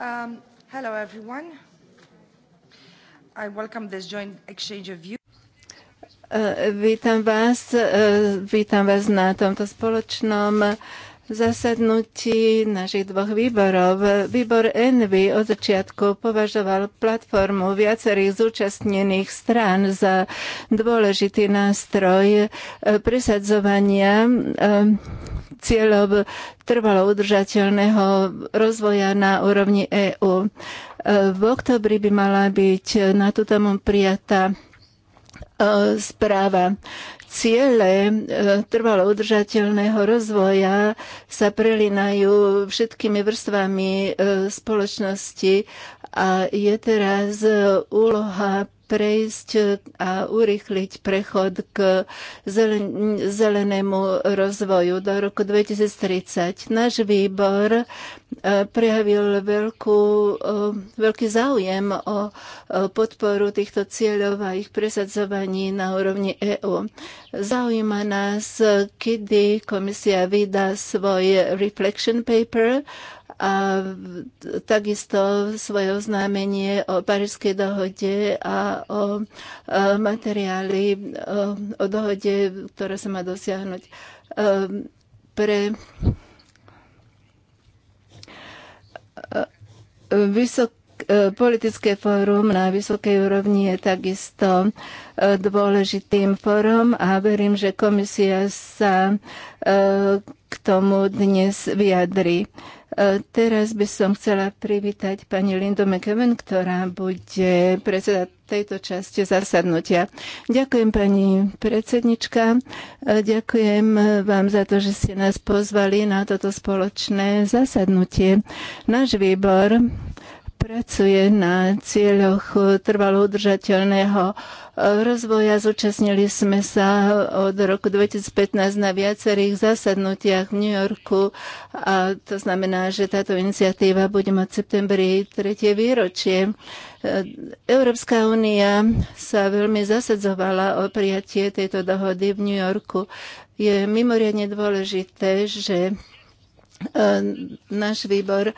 Um, hello everyone. I welcome this joint exchange of views. Uh, vítam vás, uh, vítam vás na tomto spoločnom uh, zasadnutí našich dvoch výborov. Výbor Envy od začiatku považoval platformu viacerých zúčastnených strán za dôležitý nástroj e, presadzovania e, cieľov trvalo udržateľného rozvoja na úrovni EÚ. E, v oktobri by mala byť na túto prijatá E, správa. Ciele e, trvalo udržateľného rozvoja sa prelinajú všetkými vrstvami e, spoločnosti a je teraz úloha prejsť eh, a urychliť prechod k zelenému rozvoju do roku 2030. Náš výbor eh, prejavil veľkú, eh, veľký záujem o podporu týchto cieľov a ich presadzovaní na úrovni EÚ. Zaujíma nás, kedy komisia vydá svoj reflection paper a takisto svoje oznámenie o Parížskej dohode a o e, materiáli e, o dohode, ktorá sa má dosiahnuť. E, pre vysok politické fórum na vysokej úrovni je takisto dôležitým fórum a verím, že komisia sa k tomu dnes vyjadri. E, teraz by som chcela privítať pani Lindu McEwen, ktorá bude predseda tejto časti zasadnutia. Ďakujem pani predsednička, e, ďakujem vám za to, že ste nás pozvali na toto spoločné zasadnutie. Náš výbor pracuje na cieľoch trvalo udržateľného e, rozvoja. Zúčastnili sme sa od roku 2015 na viacerých zasadnutiach v New Yorku a to znamená, že táto iniciatíva bude mať v septembri tretie výročie. E, Európska únia sa veľmi zasadzovala o prijatie tejto dohody v New Yorku. Je mimoriadne dôležité, že Náš výbor e,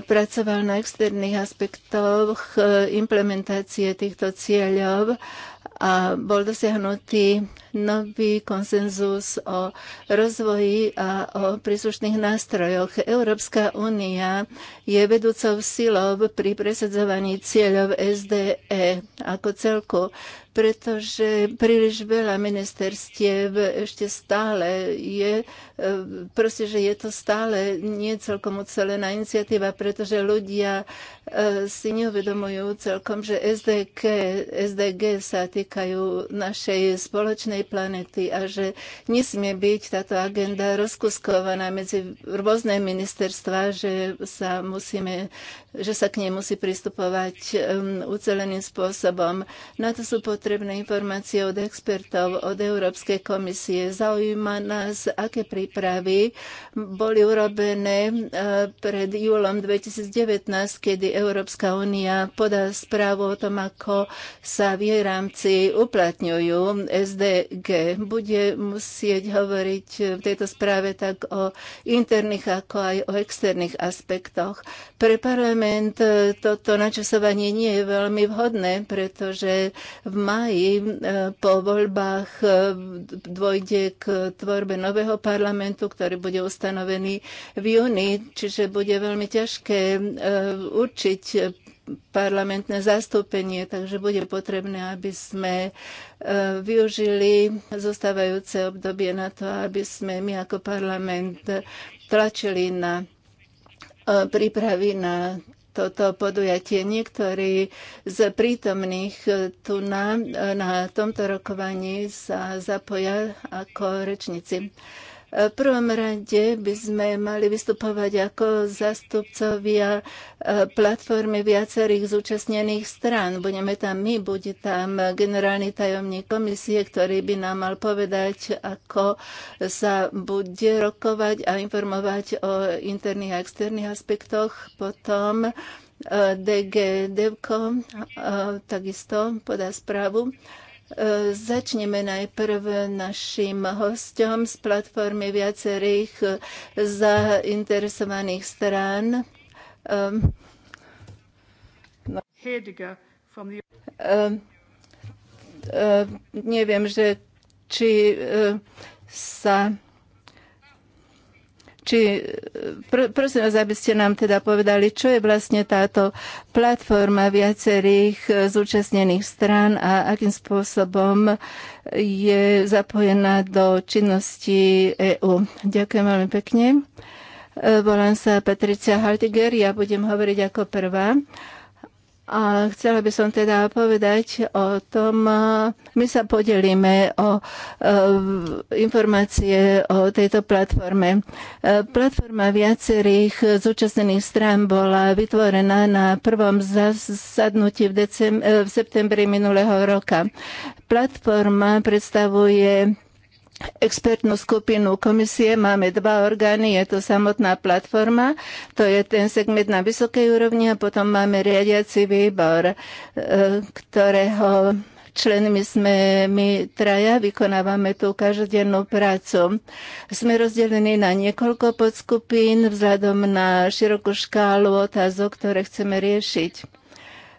pracoval na externých aspektoch e, implementácie týchto cieľov a bol dosiahnutý nový konsenzus o rozvoji a o príslušných nástrojoch. Európska únia je vedúcou silou pri presadzovaní cieľov SDE ako celku pretože príliš veľa ministerstiev ešte stále je, e, proste, že je to stále nie celkom ucelená iniciatíva, pretože ľudia e, si neuvedomujú celkom, že SDK, SDG sa týkajú našej spoločnej jednej planety a že nesmie byť táto agenda rozkuskovaná medzi rôzne ministerstva, že sa, musíme, že sa k nej musí pristupovať um, uceleným spôsobom. Na to sú potrebné informácie od expertov, od Európskej komisie. Zaujíma nás, aké prípravy boli urobené uh, pred júlom 2019, kedy Európska únia podá správu o tom, ako sa v jej rámci uplatňujú SD, G Bude musieť hovoriť v tejto správe tak o interných, ako aj o externých aspektoch. Pre parlament toto načasovanie nie je veľmi vhodné, pretože v maji eh, po voľbách eh, dôjde k tvorbe nového parlamentu, ktorý bude ustanovený v júni, čiže bude veľmi ťažké eh, určiť parlamentné zastúpenie, takže bude potrebné, aby sme e, využili zostávajúce obdobie na to, aby sme my ako parlament tlačili na e, prípravy na toto podujatie. Niektorí z prítomných e, tu na, na tomto rokovaní sa zapoja ako rečníci. V prvom rade by sme mali vystupovať ako zastupcovia e, platformy viacerých zúčastnených strán. Budeme tam my, bude tam generálny tajomník komisie, ktorý by nám mal povedať, ako sa bude rokovať a informovať o interných a externých aspektoch. Potom e, DG Devko e, takisto podá správu. Začneme najprv našim hostom z platformy viacerých zainteresovaných strán. Ehm, no. Hediger from the... Ehm, ehm, neviem, že či eh, sa či, pr- prosím vás, aby ste nám teda povedali, čo je vlastne táto platforma viacerých e, zúčastnených strán a akým spôsobom je zapojená do činnosti EÚ. Ďakujem veľmi pekne. E, volám sa Patricia Haltiger, ja budem hovoriť ako prvá. A chcela by som teda povedať o tom, my sa podelíme o, o e, informácie o tejto platforme. E, platforma viacerých zúčastnených strán bola vytvorená na prvom zasadnutí v, decem- e, v septembri minulého roka. Platforma predstavuje expertnú skupinu komisie máme dva orgány. Je to samotná platforma, to je ten segment na vysokej úrovni a potom máme riadiaci výbor, e, ktorého členmi sme my traja, vykonávame tú každodennú prácu. Sme rozdelení na niekoľko podskupín vzhľadom na širokú škálu otázok, ktoré chceme riešiť.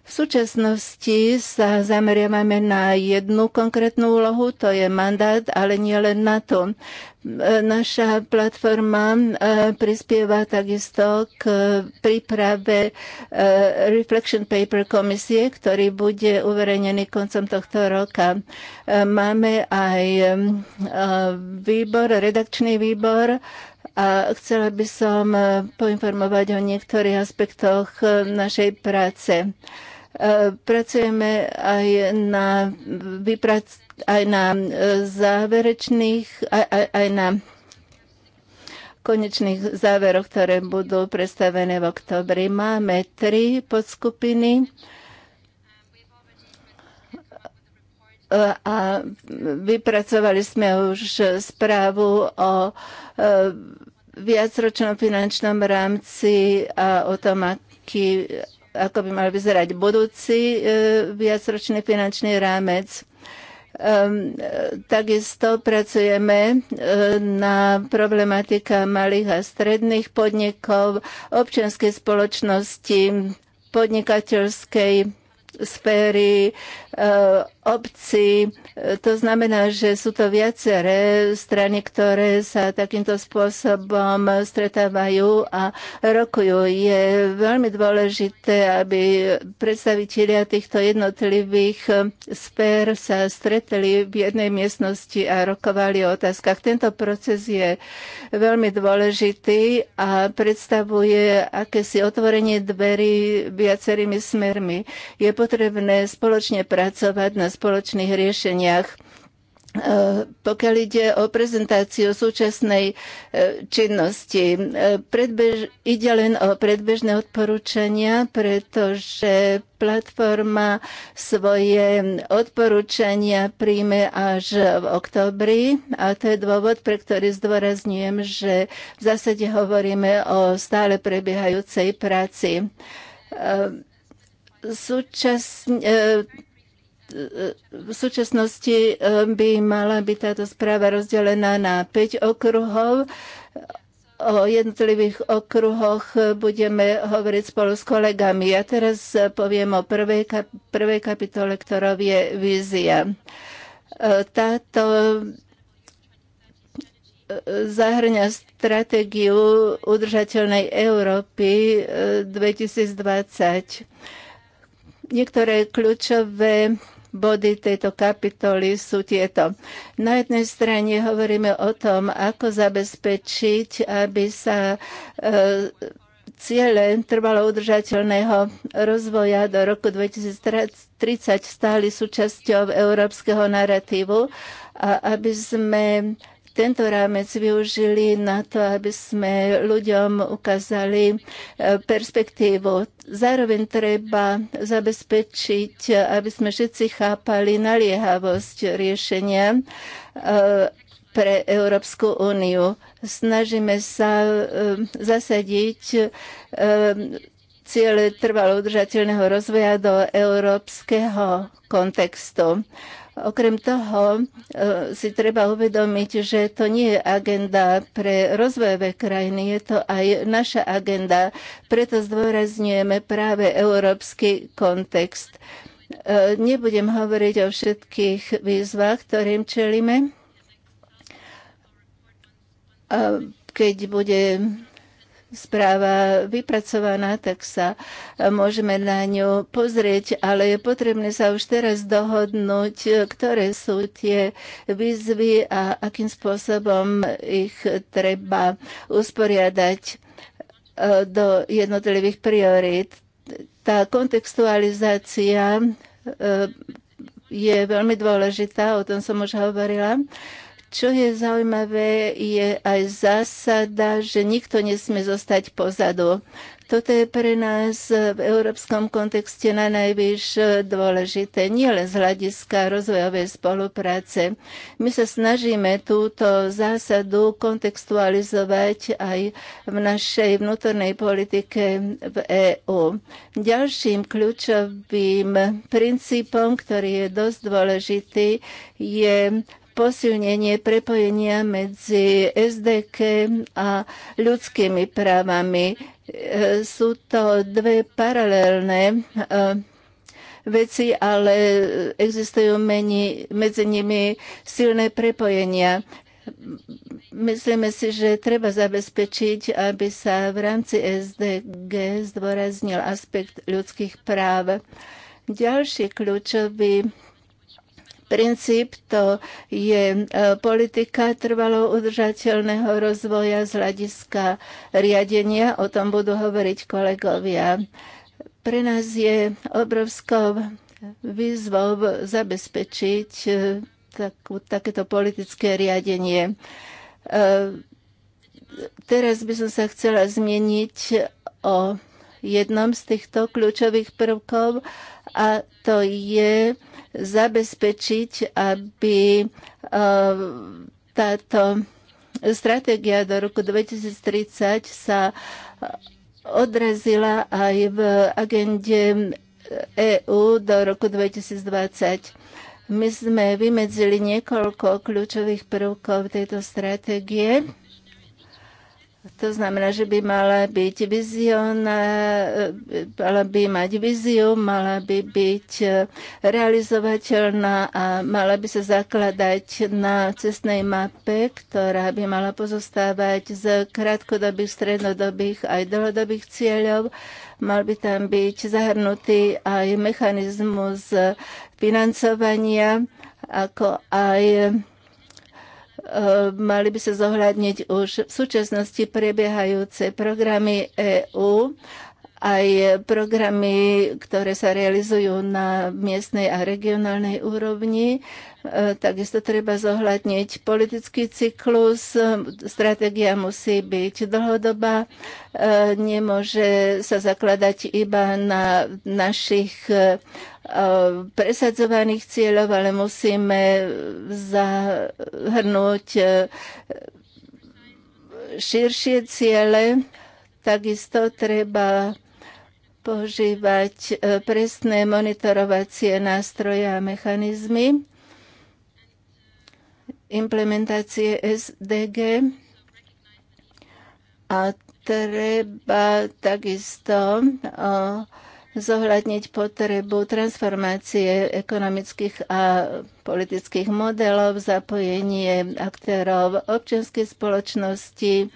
V súčasnosti sa zameriavame na jednu konkrétnu úlohu, to je mandát, ale nie len na to. Naša platforma e, prispieva takisto k príprave e, Reflection Paper komisie, ktorý bude uverejnený koncom tohto roka. E, máme aj výbor, redakčný výbor, a chcela by som poinformovať o niektorých aspektoch našej práce. E, pracujeme aj na, vyprac- aj na e, záverečných, aj, aj, aj na konečných záveroch, ktoré budú predstavené v oktobri. Máme tri podskupiny e, a vypracovali sme už správu o viacročnom finančnom rámci a o tom, aký, ako by mal vyzerať budúci e, viacročný finančný rámec. Ehm, takisto pracujeme e, na problematika malých a stredných podnikov, občianskej spoločnosti, podnikateľskej sféry, e, Obci. To znamená, že sú to viaceré strany, ktoré sa takýmto spôsobom stretávajú a rokujú. Je veľmi dôležité, aby predstavitelia týchto jednotlivých sfér sa stretli v jednej miestnosti a rokovali o otázkach. Tento proces je veľmi dôležitý a predstavuje akési otvorenie dverí viacerými smermi. Je potrebné spoločne pracovať na spoločných riešeniach. E, pokiaľ ide o prezentáciu súčasnej e, činnosti, e, predbež, ide len o predbežné odporúčania, pretože platforma svoje odporúčania príjme až v oktobri a to je dôvod, pre ktorý zdôrazňujem, že v zásade hovoríme o stále prebiehajúcej práci. Súčasne, v súčasnosti ehm, by mala byť táto správa rozdelená na 5 okruhov. O jednotlivých okruhoch budeme hovoriť spolu s kolegami. Ja teraz poviem o prvej, kap- prvej kapitole, ktorou je vízia. E, táto e, zahrňa stratégiu udržateľnej Európy 2020. E, Niektoré kľúčové body tejto kapitoly sú tieto. Na jednej strane hovoríme o tom, ako zabezpečiť, aby sa e, ciele trvalo udržateľného rozvoja do roku 2030 stali súčasťou európskeho narratívu a aby sme tento rámec využili na to, aby sme ľuďom ukázali e, perspektívu. Zároveň treba zabezpečiť, aby sme všetci chápali naliehavosť riešenia e, pre Európsku úniu. Snažíme sa e, zasadiť ciele trvalo udržateľného rozvoja do európskeho kontextu. Okrem toho e, si treba uvedomiť, že to nie je agenda pre rozvojové krajiny, je to aj naša agenda. Preto zdôrazňujeme práve európsky kontext. E, nebudem hovoriť o všetkých výzvach, ktorým čelíme. Keď bude správa vypracovaná, tak sa môžeme na ňu pozrieť, ale je potrebné sa už teraz dohodnúť, ktoré sú tie výzvy a akým spôsobom ich treba usporiadať e, do jednotlivých priorít. Tá kontextualizácia e, je veľmi dôležitá, o tom som už hovorila. Čo je zaujímavé, je aj zásada, že nikto nesmie zostať pozadu. Toto je pre nás v európskom kontexte na najvyš dôležité, nielen z hľadiska rozvojovej spolupráce. My sa snažíme túto zásadu kontextualizovať aj v našej vnútornej politike v EÚ. Ďalším kľúčovým princípom, ktorý je dosť dôležitý, je posilnenie prepojenia medzi SDK a ľudskými právami. E, sú to dve paralelné e, veci, ale existujú medzi nimi silné prepojenia. Myslíme si, že treba zabezpečiť, aby sa v rámci SDG zdôraznil aspekt ľudských práv. Ďalší kľúčový princíp to je e, politika trvalo udržateľného rozvoja z hľadiska riadenia. O tom budú hovoriť kolegovia. Pre nás je obrovskou výzvou zabezpečiť e, takú, takéto politické riadenie. E, teraz by som sa chcela zmieniť o jednom z týchto kľúčových prvkov a to je zabezpečiť, aby eh, táto stratégia do roku 2030 sa odrazila aj v agende EÚ do roku 2020. My sme vymedzili niekoľko kľúčových prvkov tejto stratégie to znamená, že by mala byť vizioná, e, mala by mať viziu, mala by byť e, realizovateľná a mala by sa zakladať na cestnej mape, ktorá by mala pozostávať z krátkodobých, strednodobých aj dlhodobých cieľov. Mal by tam byť zahrnutý aj mechanizmus financovania, ako aj Eh, mali by sa zohľadniť už v súčasnosti prebiehajúce programy EÚ aj programy, ktoré sa realizujú na miestnej a regionálnej úrovni. E, takisto treba zohľadniť politický cyklus. Stratégia musí byť dlhodobá. E, nemôže sa zakladať iba na našich e, presadzovaných cieľov, ale musíme zahrnúť širšie ciele. Takisto treba používať e, presné monitorovacie nástroje a mechanizmy implementácie SDG a treba takisto e, zohľadniť potrebu transformácie ekonomických a politických modelov, zapojenie aktérov občianskej spoločnosti, e,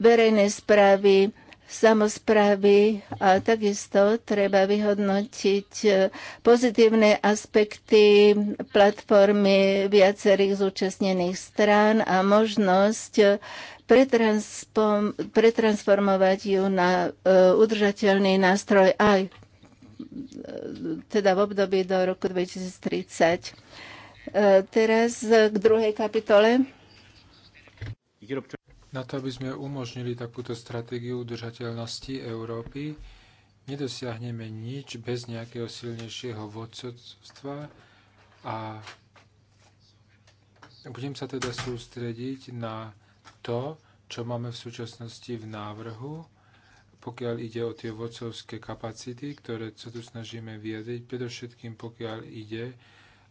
verejnej správy, samozprávy a takisto treba vyhodnotiť e, pozitívne aspekty platformy viacerých zúčastnených strán a možnosť e, pretransformovať ju na e, udržateľný nástroj aj teda v období do roku 2030. Teraz k druhej kapitole. Na to, aby sme umožnili takúto stratégiu udržateľnosti Európy, nedosiahneme nič bez nejakého silnejšieho vodcovstva a budem sa teda sústrediť na to, čo máme v súčasnosti v návrhu, pokiaľ ide o tie vodcovské kapacity, ktoré sa tu snažíme vyjadriť, predovšetkým pokiaľ ide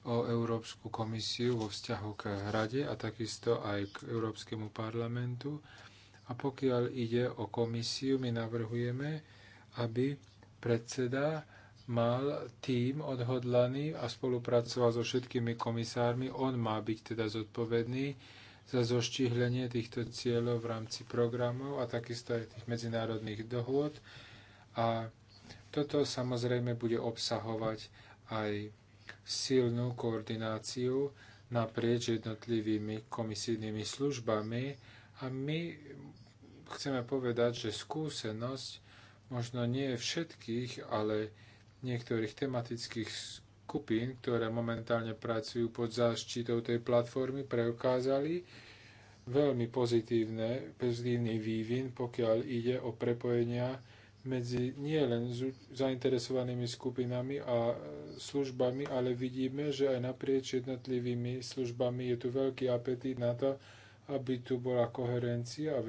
o Európsku komisiu vo vzťahu k Rade a takisto aj k Európskemu parlamentu. A pokiaľ ide o komisiu, my navrhujeme, aby predseda mal tým odhodlaný a spolupracoval so všetkými komisármi. On má byť teda zodpovedný za zoštihlenie týchto cieľov v rámci programov a takisto aj tých medzinárodných dohôd. A toto samozrejme bude obsahovať aj silnú koordináciu naprieč jednotlivými komisijnými službami a my chceme povedať, že skúsenosť možno nie všetkých, ale niektorých tematických skupín, ktoré momentálne pracujú pod záštitou tej platformy, preukázali veľmi pozitívne, pozitívny vývin, pokiaľ ide o prepojenia medzi nielen zainteresovanými skupinami a službami, ale vidíme, že aj naprieč jednotlivými službami je tu veľký apetít na to, aby tu bola koherencia a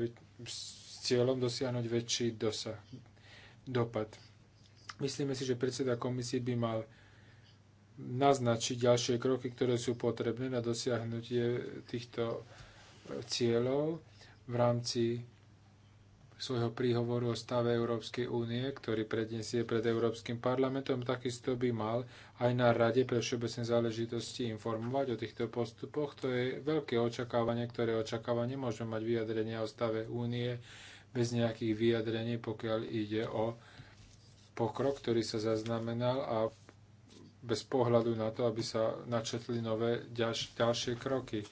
s cieľom dosiahnuť väčší dosah, dopad. Myslíme si, že predseda komisie by mal naznačiť ďalšie kroky, ktoré sú potrebné na dosiahnutie týchto e, cieľov v rámci svojho príhovoru o stave Európskej únie, ktorý predniesie pred Európskym parlamentom, takisto by mal aj na Rade pre všeobecné záležitosti informovať o týchto postupoch. To je veľké očakávanie, ktoré očakávanie môžeme mať vyjadrenia o stave únie bez nejakých vyjadrení, pokiaľ ide o pokrok, ktorý sa zaznamenal a bez pohľadu na to, aby sa načetli nové ďalšie kroky.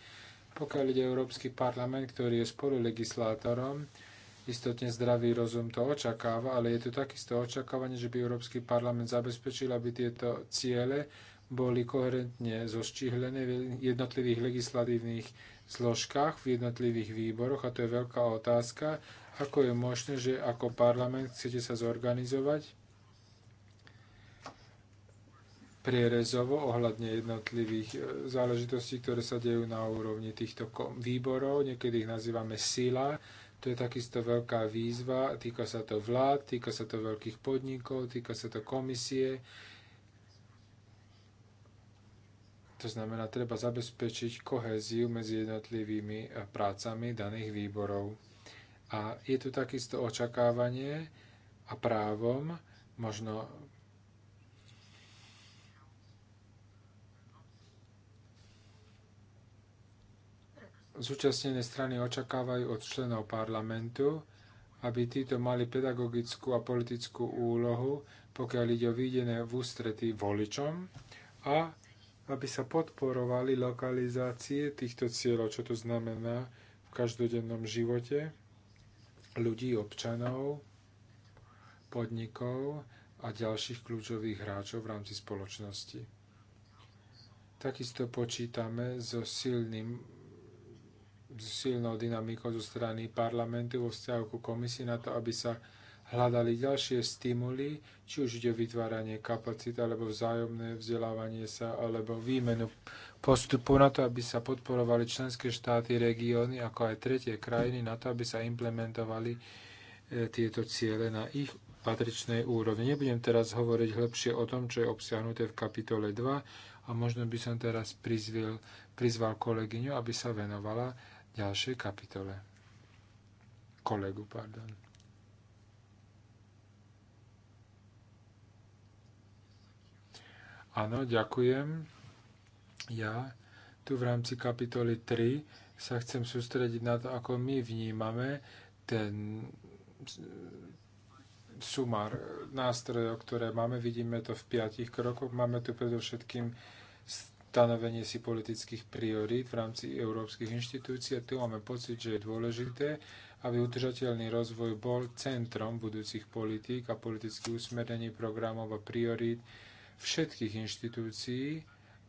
Pokiaľ ide Európsky parlament, ktorý je spolulegislátorom, legislátorom, Istotne zdravý rozum to očakáva, ale je to takisto očakávanie, že by Európsky parlament zabezpečil, aby tieto ciele boli koherentne zoštihlené v jednotlivých legislatívnych zložkách, v jednotlivých výboroch a to je veľká otázka, ako je možné, že ako parlament chcete sa zorganizovať prierezovo ohľadne jednotlivých e, záležitostí, ktoré sa dejú na úrovni týchto výborov, niekedy ich nazývame sila, to je takisto veľká výzva, týka sa to vlád, týka sa to veľkých podnikov, týka sa to komisie. To znamená, treba zabezpečiť kohéziu medzi jednotlivými eh, prácami daných výborov. A je tu takisto očakávanie a právom, možno zúčastnené strany očakávajú od členov parlamentu, aby títo mali pedagogickú a politickú úlohu, pokiaľ ide o výdené v ústretí voličom a aby sa podporovali lokalizácie týchto cieľov, čo to znamená v každodennom živote ľudí, občanov, podnikov a ďalších kľúčových hráčov v rámci spoločnosti. Takisto počítame so silným silnou dynamikou zo strany parlamentu vo vzťahu ku komisii na to, aby sa hľadali ďalšie stimuly, či už ide o vytváranie kapacít, alebo vzájomné vzdelávanie sa, alebo výmenu postupu na to, aby sa podporovali členské štáty, regióny, ako aj tretie krajiny, na to, aby sa implementovali e, tieto ciele na ich patričnej úrovni. Nebudem teraz hovoriť hĺbšie o tom, čo je obsiahnuté v kapitole 2 a možno by som teraz prizval kolegyňu, aby sa venovala ďalšej kapitole. Kolegu, pardon. Áno, ďakujem. Ja tu v rámci kapitoly 3 sa chcem sústrediť na to, ako my vnímame ten sumár nástrojov, ktoré máme. Vidíme to v piatich krokoch. Máme tu predovšetkým stanovenie si politických priorít v rámci európskych inštitúcií a tu máme pocit, že je dôležité, aby udržateľný rozvoj bol centrom budúcich politík a politických usmerení programov a priorít všetkých inštitúcií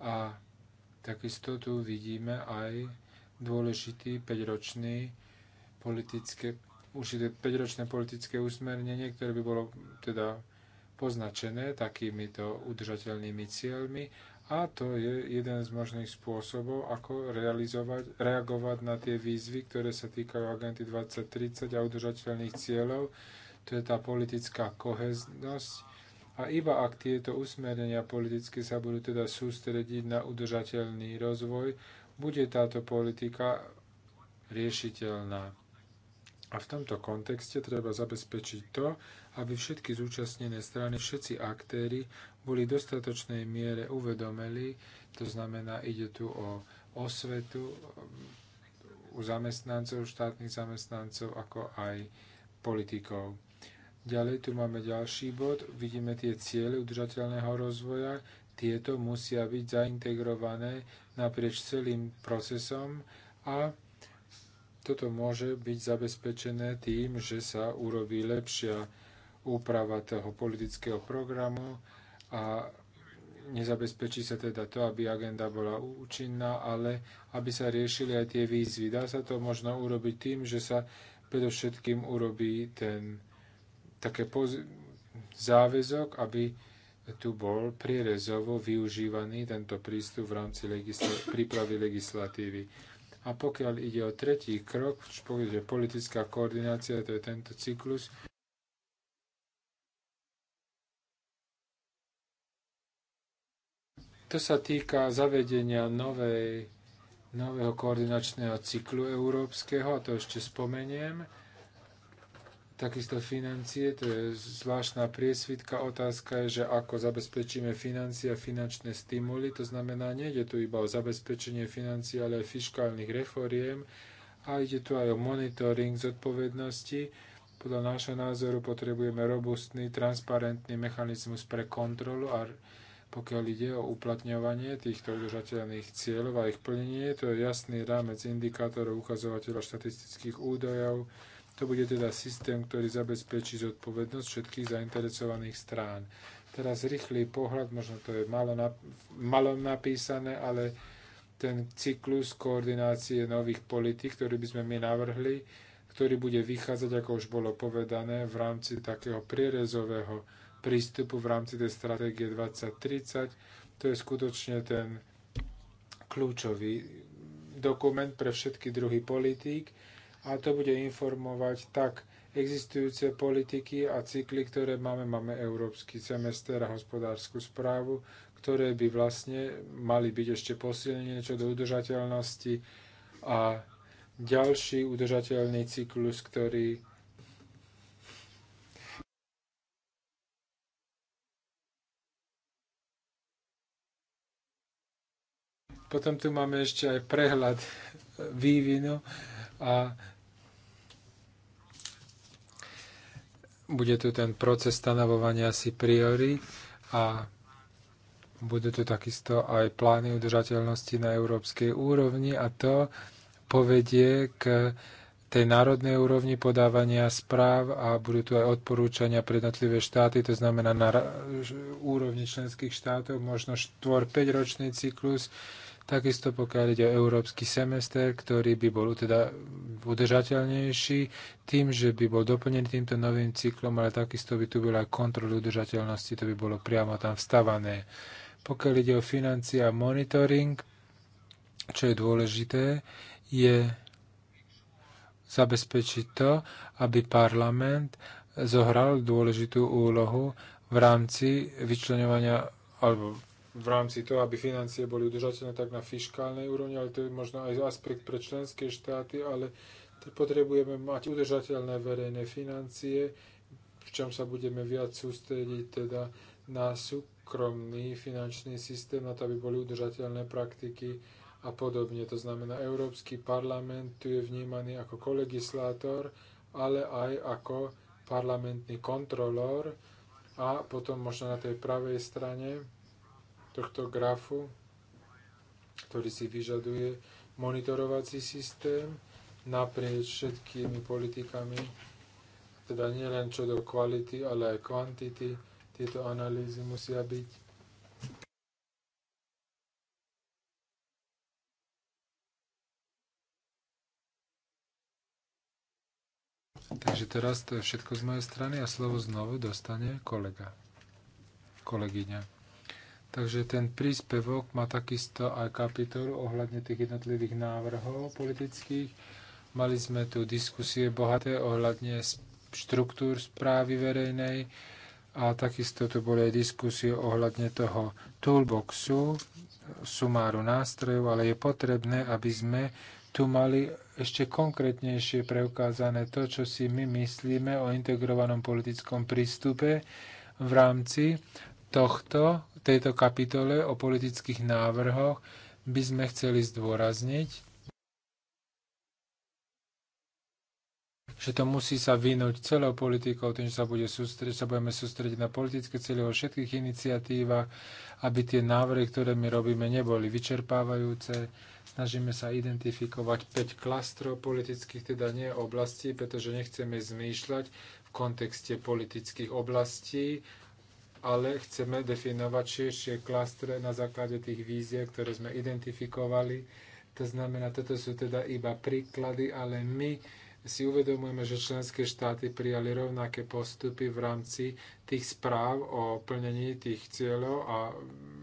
a takisto tu vidíme aj dôležitý 5-ročný politické, určité 5-ročné politické usmernenie, ktoré by bolo teda poznačené takýmito udržateľnými cieľmi a to je jeden z možných spôsobov, ako realizovať, reagovať na tie výzvy, ktoré sa týkajú agenty 2030 a udržateľných cieľov. To je tá politická koheznosť. A iba ak tieto usmerenia politicky sa budú teda sústrediť na udržateľný rozvoj, bude táto politika riešiteľná. A v tomto kontexte treba zabezpečiť to, aby všetky zúčastnené strany, všetci aktéry boli v dostatočnej miere uvedomeli, to znamená, ide tu o osvetu um, u zamestnancov, štátnych zamestnancov, ako aj politikov. Ďalej tu máme ďalší bod, vidíme tie ciele udržateľného rozvoja, tieto musia byť zaintegrované naprieč celým procesom a toto môže byť zabezpečené tým, že sa urobí lepšia úprava toho politického programu a nezabezpečí sa teda to, aby agenda bola účinná, ale aby sa riešili aj tie výzvy. Dá sa to možno urobiť tým, že sa predovšetkým urobí ten také poz- záväzok, aby tu bol prierezovo využívaný tento prístup v rámci legisla- prípravy legislatívy. A pokiaľ ide o tretí krok, že politická koordinácia, to je tento cyklus, To sa týka zavedenia novej, nového koordinačného cyklu európskeho, a to ešte spomeniem takisto financie, to je zvláštna priesvitka. Otázka je, že ako zabezpečíme financie a finančné stimuly, to znamená, nie je tu iba o zabezpečenie financií, ale aj fiskálnych reforiem a ide tu aj o monitoring zodpovednosti. Podľa nášho názoru potrebujeme robustný, transparentný mechanizmus pre kontrolu a pokiaľ ide o uplatňovanie týchto udržateľných cieľov a ich plnenie, to je jasný rámec indikátorov, ukazovateľov štatistických údajov, to bude teda systém, ktorý zabezpečí zodpovednosť všetkých zainteresovaných strán. Teraz rýchly pohľad, možno to je malo, nap- malo napísané, ale ten cyklus koordinácie nových politik, ktorý by sme my navrhli, ktorý bude vychádzať, ako už bolo povedané, v rámci takého prierezového prístupu v rámci tej stratégie 2030. To je skutočne ten kľúčový dokument pre všetky druhy politík a to bude informovať tak existujúce politiky a cykly, ktoré máme. Máme európsky semester a hospodárskú správu, ktoré by vlastne mali byť ešte posilnené čo do udržateľnosti a ďalší udržateľný cyklus, ktorý Potom tu máme ešte aj prehľad e, vývinu a bude tu ten proces stanovovania si priory a budú tu takisto aj plány udržateľnosti na európskej úrovni a to povedie k tej národnej úrovni podávania správ a budú tu aj odporúčania pre jednotlivé štáty, to znamená na úrovni členských štátov, možno 4-5 ročný cyklus, Takisto pokiaľ ide o európsky semester, ktorý by bol teda udržateľnejší tým, že by bol doplnený týmto novým cyklom, ale takisto by tu bola aj udržateľnosti, to by bolo priamo tam vstavané. Pokiaľ ide o financie a monitoring, čo je dôležité, je zabezpečiť to, aby parlament zohral dôležitú úlohu v rámci vyčlenovania alebo v rámci toho, aby financie boli udržateľné tak na fiskálnej úrovni, ale to je možno aj aspekt pre členské štáty, ale potrebujeme mať udržateľné verejné financie, v čom sa budeme viac sústrediť teda na súkromný finančný systém, na to, aby boli udržateľné praktiky a podobne. To znamená, Európsky parlament tu je vnímaný ako kolegislátor, ale aj ako parlamentný kontrolór a potom možno na tej pravej strane tohto grafu, ktorý si vyžaduje monitorovací systém naprieč všetkými politikami, teda nielen čo do kvality, ale aj kvantity. Tieto analýzy musia byť Takže teraz to je všetko z mojej strany a slovo znovu dostane kolega, kolegyňa. Takže ten príspevok má takisto aj kapitolu ohľadne tých jednotlivých návrhov politických. Mali sme tu diskusie bohaté ohľadne štruktúr správy verejnej a takisto tu boli aj diskusie ohľadne toho toolboxu, sumáru nástrojov, ale je potrebné, aby sme tu mali ešte konkrétnejšie preukázané to, čo si my myslíme o integrovanom politickom prístupe v rámci tohto tejto kapitole o politických návrhoch by sme chceli zdôrazniť, že to musí sa vynúť celou politikou, tým, že sa, bude sústrediť, sa budeme sústrediť na politické cieľe vo všetkých iniciatívach, aby tie návrhy, ktoré my robíme, neboli vyčerpávajúce. Snažíme sa identifikovať 5 klastrov politických, teda nie oblastí, pretože nechceme zmýšľať v kontexte politických oblastí, ale chceme definovať širšie klastre na základe tých vízie, ktoré sme identifikovali. To znamená, toto sú teda iba príklady, ale my si uvedomujeme, že členské štáty prijali rovnaké postupy v rámci tých správ o plnení tých cieľov a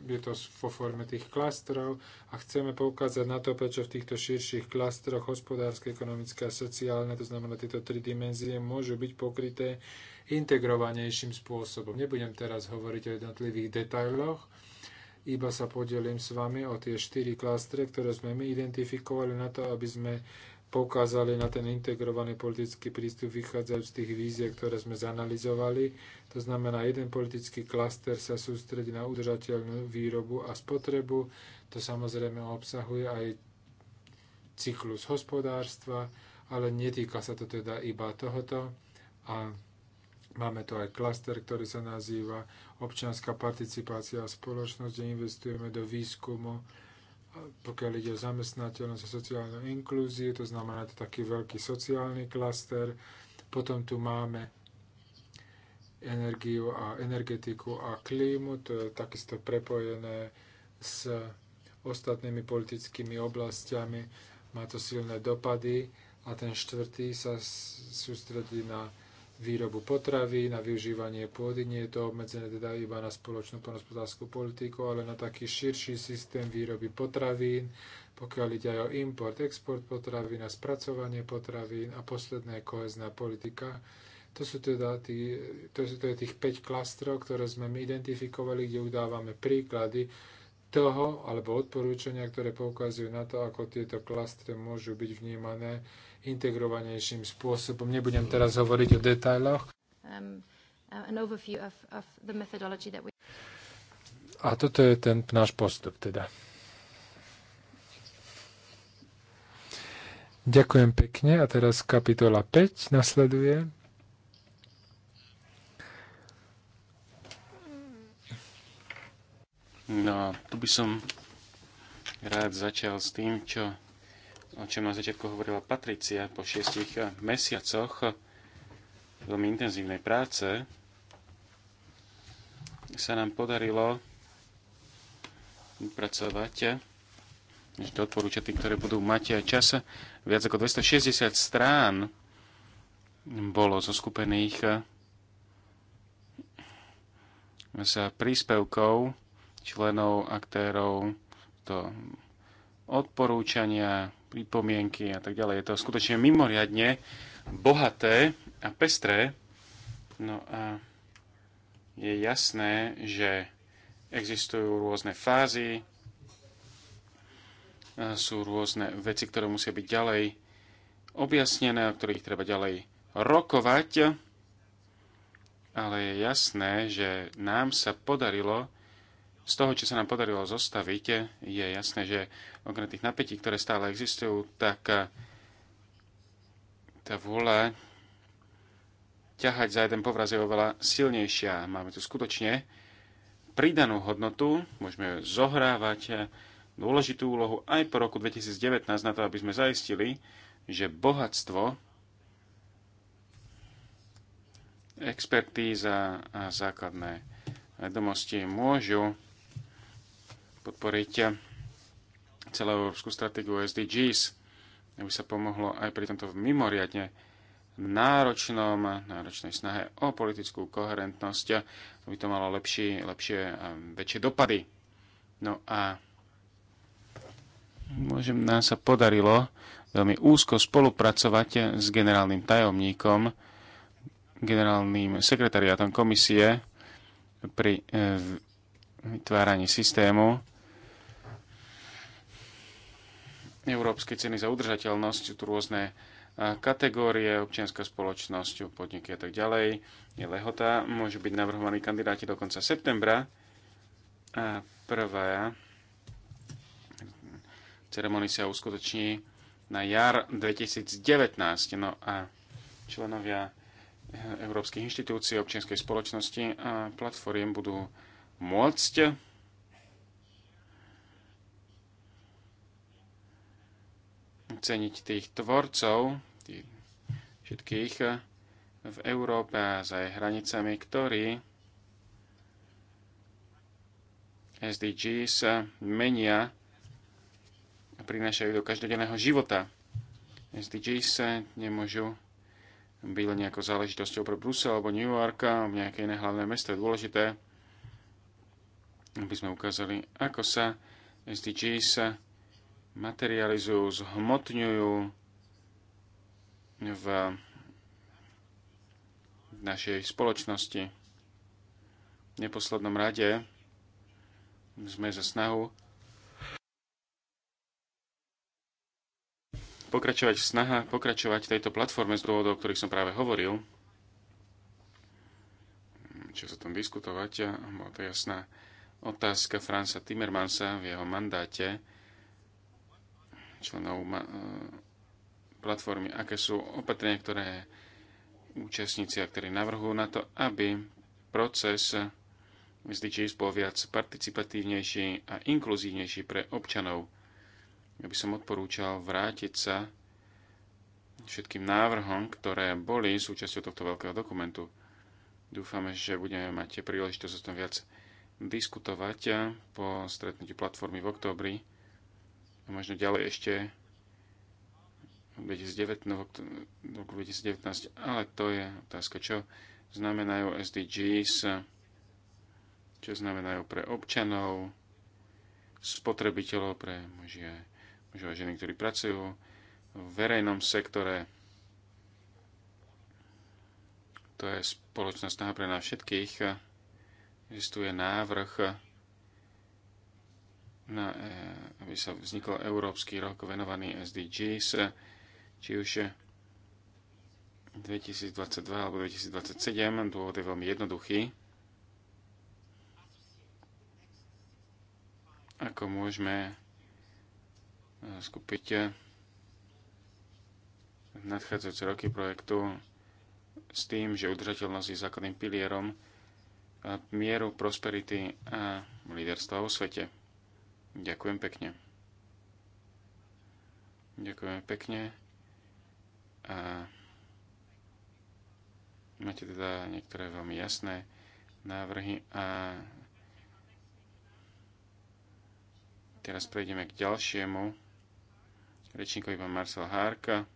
je to vo forme tých klastrov a chceme poukázať na to, prečo v týchto širších klastroch hospodárske, ekonomické a sociálne, to znamená tieto tri dimenzie, môžu byť pokryté integrovanejším spôsobom. Nebudem teraz hovoriť o jednotlivých detailoch, iba sa podelím s vami o tie štyri klastre, ktoré sme my identifikovali na to, aby sme pokázali na ten integrovaný politický prístup vychádzajúc z tých vízie, ktoré sme zanalizovali. To znamená, jeden politický klaster sa sústredí na udržateľnú výrobu a spotrebu. To samozrejme obsahuje aj cyklus hospodárstva, ale netýka sa to teda iba tohoto. A Máme tu aj klaster, ktorý sa nazýva občianská participácia a spoločnosť, kde investujeme do výskumu, pokiaľ ide o zamestnateľnosť a sociálnu inklúziu, to znamená to taký veľký sociálny klaster. Potom tu máme energiu a energetiku a klímu, to je takisto prepojené s ostatnými politickými oblastiami, má to silné dopady a ten štvrtý sa sústredí na výrobu potravy, na využívanie pôdy. Nie je to obmedzené teda iba na spoločnú ponospodárskú politiku, ale na taký širší systém výroby potravín, pokiaľ ide aj o import, export potravín a spracovanie potravín a posledná je kohezná politika. To sú teda tí, to sú teda tých 5 klastrov, ktoré sme my identifikovali, kde udávame príklady toho alebo odporúčania, ktoré poukazujú na to, ako tieto klastre môžu byť vnímané integrovanejším spôsobom. Nebudem teraz hovoriť o detailoch. Um, uh, a toto je ten náš postup teda. Ďakujem pekne a teraz kapitola 5 nasleduje. No, tu by som rád začal s tým, čo o čom na začiatku hovorila Patricia, po šiestich eh, mesiacoch eh, veľmi intenzívnej práce sa nám podarilo upracovať eh, že to odporúča tí, ktoré budú mať aj čas. Viac ako 260 strán bolo zoskupených s príspevkov členov, aktérov, to odporúčania, pripomienky a tak ďalej. Je to skutočne mimoriadne bohaté a pestré. No a je jasné, že existujú rôzne fázy, sú rôzne veci, ktoré musia byť ďalej objasnené, o ktorých treba ďalej rokovať, ale je jasné, že nám sa podarilo z toho, čo sa nám podarilo zostaviť, je jasné, že okrem tých napätí, ktoré stále existujú, tak eh, tá vôľa ťahať za jeden povraz je oveľa silnejšia. Máme tu skutočne pridanú hodnotu, môžeme zohrávať eh, dôležitú úlohu aj po roku 2019 na to, aby sme zaistili, že bohatstvo, expertíza a základné vedomosti môžu podporiť celú európsku stratégiu SDGs, aby sa pomohlo aj pri tomto mimoriadne náročnom, náročnej snahe o politickú koherentnosť, aby to malo lepší, lepšie a väčšie dopady. No a môžem, nám sa podarilo veľmi úzko spolupracovať s generálnym tajomníkom, generálnym sekretariátom komisie pri eh, vytváraní systému európske ceny za udržateľnosť, tu rôzne kategórie, občianská spoločnosť, podniky a tak ďalej. Je lehota, môžu byť navrhovaní kandidáti do konca septembra. A prvá ceremonia sa uskutoční na jar 2019. No a členovia e, európskych inštitúcií, občianskej spoločnosti a platformiem budú môcť oceniť tých tvorcov, tých, všetkých eh, v Európe a za jej hranicami, ktorí SDG sa eh, menia a prinášajú do každodenného života. SDG sa eh, nemôžu byť len nejakou záležitosťou pre Brusel alebo New York alebo nejaké iné hlavné mesto. Je dôležité, aby sme ukázali, ako sa SDG sa materializujú, zhmotňujú v našej spoločnosti. V neposlednom rade sme za snahu pokračovať v snaha, pokračovať tejto platforme z dôvodov, o ktorých som práve hovoril. Čo sa tam diskutovať? Bola to jasná otázka Fransa Timmermansa v jeho mandáte členov e, platformy, aké sú opatrenia, ktoré účastníci a ktorí navrhujú na to, aby proces SDGs bol viac participatívnejší a inkluzívnejší pre občanov. Ja by som odporúčal vrátiť sa všetkým návrhom, ktoré boli súčasťou tohto veľkého dokumentu. Dúfame, že budeme mať príležitosť o tom viac diskutovať po stretnutí platformy v októbri a možno ďalej ešte 2019, roku 2019, ale to je otázka, čo znamenajú SDGs, čo znamenajú pre občanov, spotrebiteľov, pre mužov a ženy, ktorí pracujú v verejnom sektore. To je spoločná snaha pre nás všetkých. Existuje návrh na, eh, aby sa vznikol Európsky rok venovaný SDGs, či už 2022 eh, alebo 2027. Dôvod je veľmi jednoduchý. Ako môžeme eh, skupiť nadchádzajúce roky projektu s tým, že udržateľnosť je základným pilierom mieru, prosperity a líderstva vo svete. Ďakujem pekne. Ďakujem pekne. A máte teda niektoré veľmi jasné návrhy a teraz prejdeme k ďalšiemu rečníkovi pán Marcel Hárka.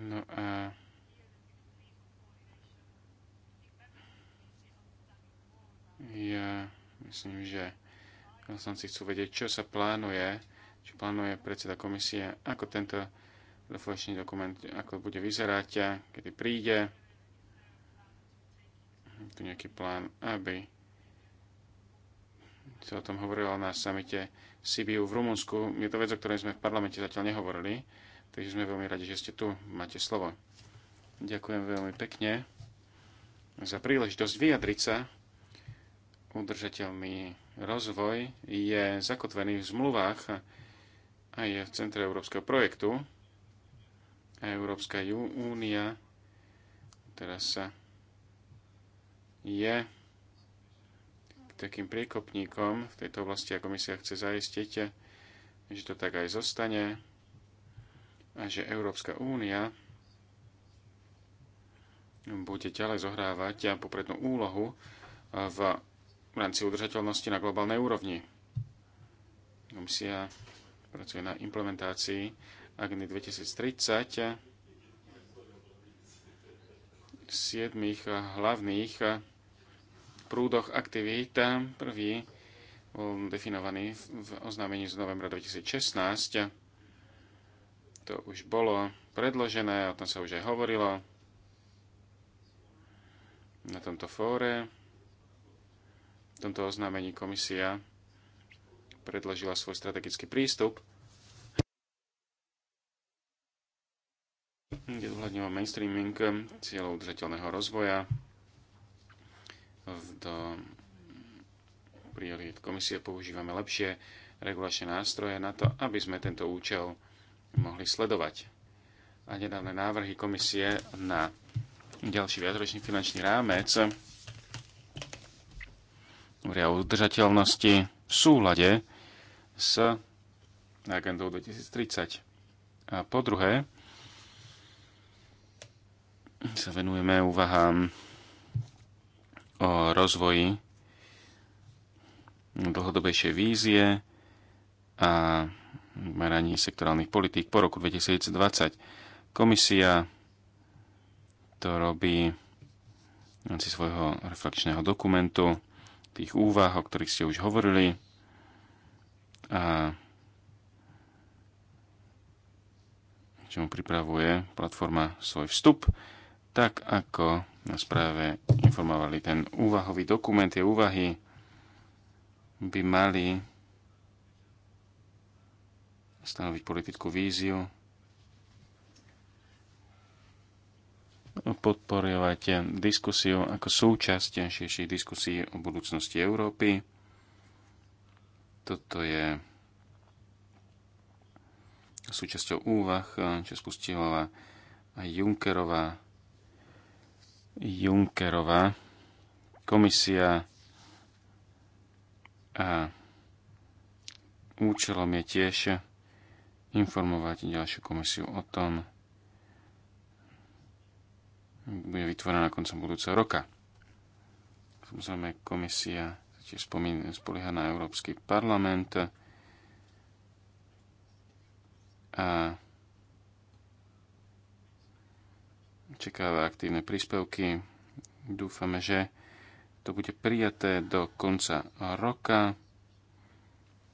No a Ja myslím, že poslanci chcú vedieť, čo sa plánuje, čo plánuje predseda komisie, ako tento reflexný dokument, ako bude vyzerať, kedy príde. Tu nejaký plán, aby sa o tom hovorilo na samite Sibiu v Rumunsku. Je to vec, o ktorej sme v parlamente zatiaľ nehovorili, takže sme veľmi radi, že ste tu, máte slovo. Ďakujem veľmi pekne za príležitosť vyjadriť sa udržateľný rozvoj je zakotvený v zmluvách a je v centre európskeho projektu. A Európska únia teraz sa je takým priekopníkom v tejto oblasti a komisia chce zaistiť, že to tak aj zostane a že Európska únia bude ďalej zohrávať poprednú úlohu v v rámci udržateľnosti na globálnej úrovni. Komisia pracuje na implementácii agendy 2030 siedmých hlavných prúdoch aktivít. Prvý bol definovaný v oznámení z novembra 2016. To už bolo predložené, o tom sa už aj hovorilo na tomto fóre. V tomto oznámení komisia predložila svoj strategický prístup, kde zohľadňoval mainstreaming cieľov udržateľného rozvoja do priorít komisie používame lepšie regulačné nástroje na to, aby sme tento účel mohli sledovať. A nedávne návrhy komisie na ďalší viacročný finančný rámec hovoria o udržateľnosti v súlade s agendou 2030. A po druhé, sa venujeme úvahám o rozvoji dlhodobejšej vízie a meraní sektorálnych politík po roku 2020. Komisia to robí v rámci svojho reflekčného dokumentu tých úvah, o ktorých ste už hovorili. A čo pripravuje platforma svoj vstup, tak ako na správe informovali ten úvahový dokument, tie úvahy by mali stanoviť politickú víziu podporovať diskusiu ako súčasť širších diskusí o budúcnosti Európy. Toto je súčasťou úvah, čo spustila Junckerová, Junckerová komisia a účelom je tiež informovať ďalšiu komisiu o tom, bude vytvorená koncom budúceho roka. Samozrejme, komisia tiež spolieha na Európsky parlament a čakáva aktívne príspevky. Dúfame, že to bude prijaté do konca roka,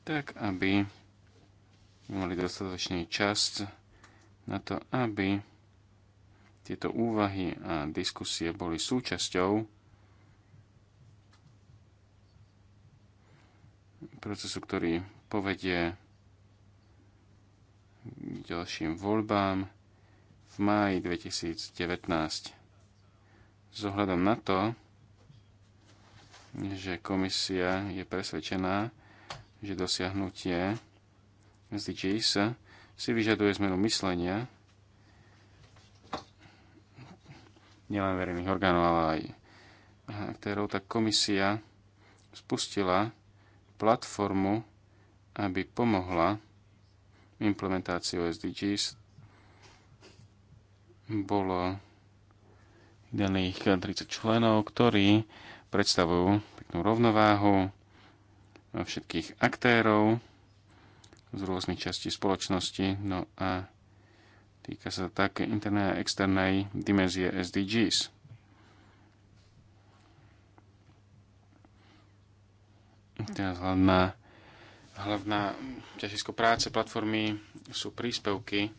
tak aby mali dostatočný čas na to, aby tieto úvahy a diskusie boli súčasťou procesu, ktorý povedie k ďalším voľbám v máji 2019. S ohľadom na to, že komisia je presvedčená, že dosiahnutie SDGs si vyžaduje zmenu myslenia nielen verejných orgánov, ale aj aktérov, tak komisia spustila platformu, aby pomohla implementáciu SDGs. Bolo daných 30 členov, ktorí predstavujú peknú rovnováhu všetkých aktérov z rôznych častí spoločnosti. No a Týka sa také internej a externej dimenzie SDGs. Teraz hlavná, hlavná ťažisko práce platformy sú príspevky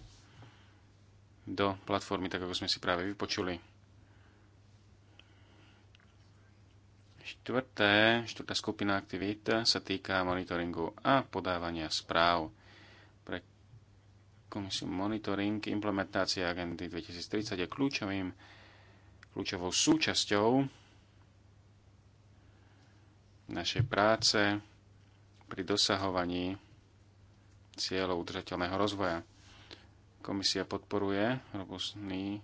do platformy, tak ako sme si práve vypočuli. Štvrté, štvrtá skupina aktivít sa týka monitoringu a podávania správ. Komisiu monitoring implementácia agendy 2030 je kľúčovým, kľúčovou súčasťou našej práce pri dosahovaní cieľov udržateľného rozvoja. Komisia podporuje robustný e,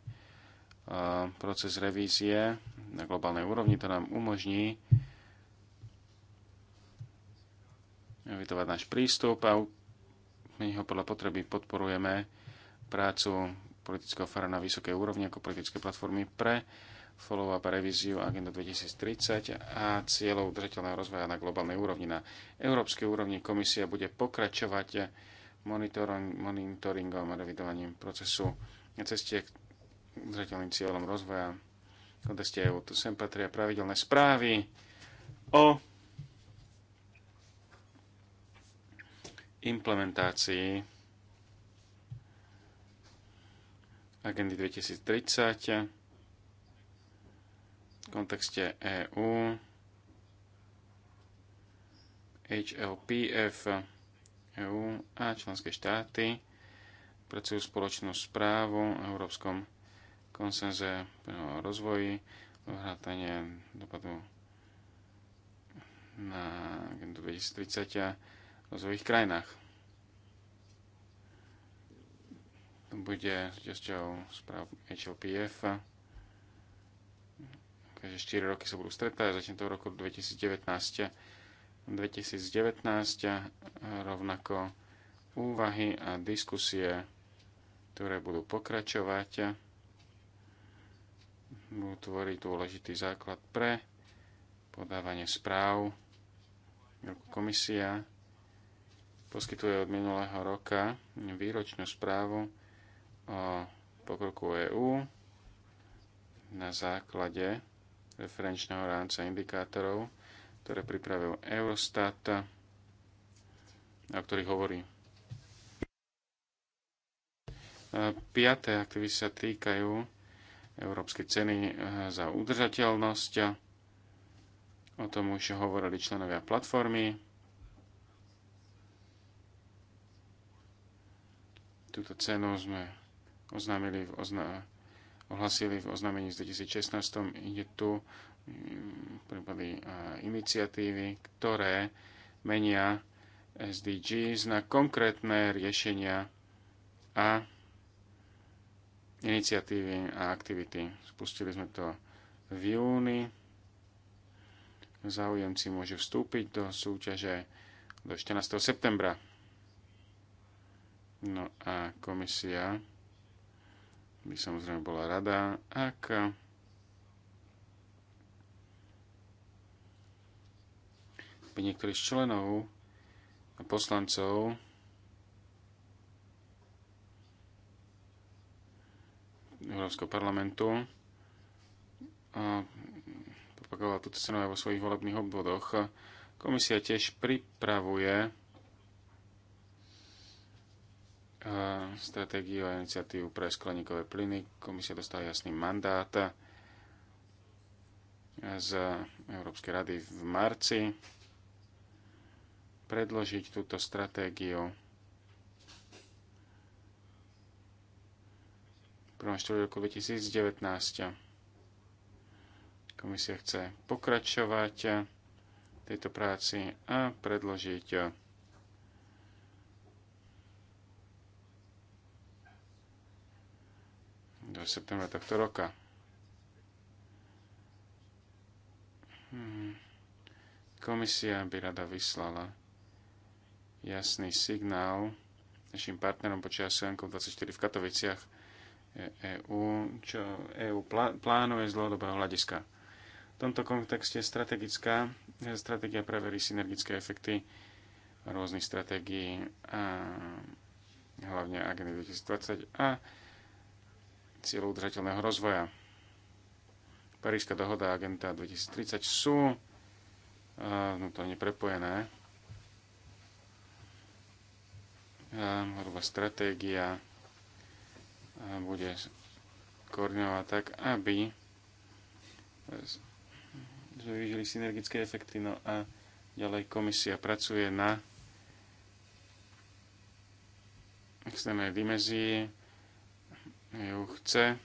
proces revízie na globálnej úrovni. To nám umožní evitovať náš prístup a my ho podľa potreby podporujeme prácu politického fara na vysokej úrovni ako politické platformy pre follow-up a revíziu Agenda 2030 a cieľov udržateľného rozvoja na globálnej úrovni. Na európskej úrovni komisia bude pokračovať monitoringom a revidovaním procesu na ceste k udržateľným cieľom rozvoja v kontexte EU. Tu sem patria pravidelné správy o implementácii agendy 2030 v kontexte EU, HLPF, EU a členské štáty pracujú spoločnú správu v Európskom konsenze o rozvoji, vrátanie dopadu na agendu 2030 v rozvojových krajinách. Bude súčasťou správ HLPF. Takže 4 roky sa budú stretávať, začne to v roku 2019. 2019 rovnako úvahy a diskusie, ktoré budú pokračovať, budú tvoriť dôležitý základ pre podávanie správ. Komisia poskytuje od minulého roka výročnú správu o pokroku EÚ na základe referenčného rámca indikátorov, ktoré pripravil Eurostat, o ktorých hovorí. Piaté aktivy sa týkajú európskej ceny e, za udržateľnosť. O tom už hovorili členovia platformy Túto cenu sme oznámili v ozna- ohlasili v oznámení z 2016. Ide tu mm, prípady iniciatívy, ktoré menia SDGs na konkrétne riešenia a iniciatívy a aktivity. Spustili sme to v júni. Zaujemci môžu vstúpiť do súťaže do 14. septembra. No a komisia by samozrejme bola rada, ak by niektorí z členov a poslancov Európskeho parlamentu propagovala túto aj vo svojich volebných obvodoch. Komisia tiež pripravuje stratégiu a iniciatívu pre skleníkové plyny. Komisia dostala jasný mandát z Európskej rady v marci predložiť túto stratégiu v prvom roku 2019. Komisia chce pokračovať tejto práci a predložiť do septembra tohto roka. Hmm. Komisia by rada vyslala jasný signál našim partnerom počas COP24 v Katoviciach EU, e čo EU plánuje z dlhodobého hľadiska. V tomto kontexte strategická stratégia preverí synergické efekty rôznych stratégií a hlavne agendy 2020 a cieľov udržateľného rozvoja. Parížska dohoda a Agenda 2030 sú vnútorne eh, no prepojené. Hruba eh, stratégia eh, bude koordinovať tak, aby sme vyžili synergické efekty. No a ďalej komisia pracuje na externej dimenzii EU chce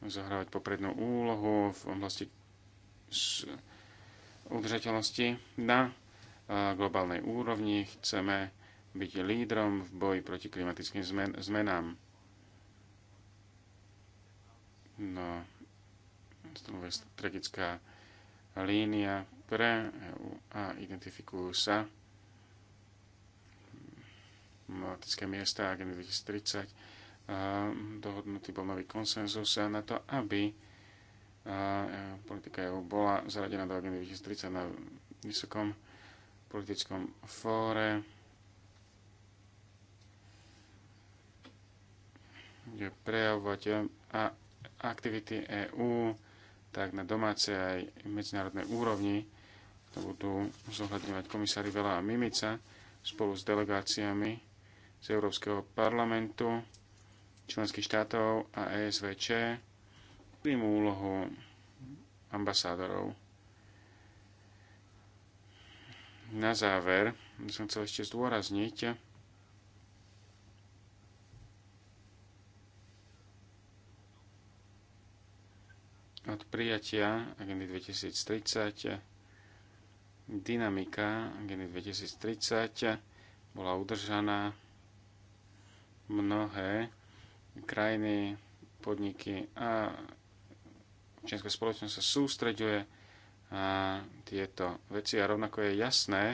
zahrávať poprednú úlohu v oblasti udržateľnosti na globálnej úrovni. Chceme byť lídrom v boji proti klimatickým zmen zmenám. No, strategická línia pre EU a identifikujú sa matické miesta Agenda 2030 dohodnutý bol nový konsenzus na to, aby politika EU bola zaradená do agendy 2030 na vysokom politickom fóre. Kde prejavovať a aktivity EÚ tak na domácej aj medzinárodnej úrovni. To budú zohľadňovať komisári Vela a Mimica spolu s delegáciami z Európskeho parlamentu členských štátov a ESVČ príjmu úlohu ambasádorov. Na záver som chcel ešte zdôrazniť, od prijatia agendy 2030 dynamika agendy 2030 bola udržaná mnohé krajiny, podniky a občianská spoločnosť sa sústreďuje na tieto veci a rovnako je jasné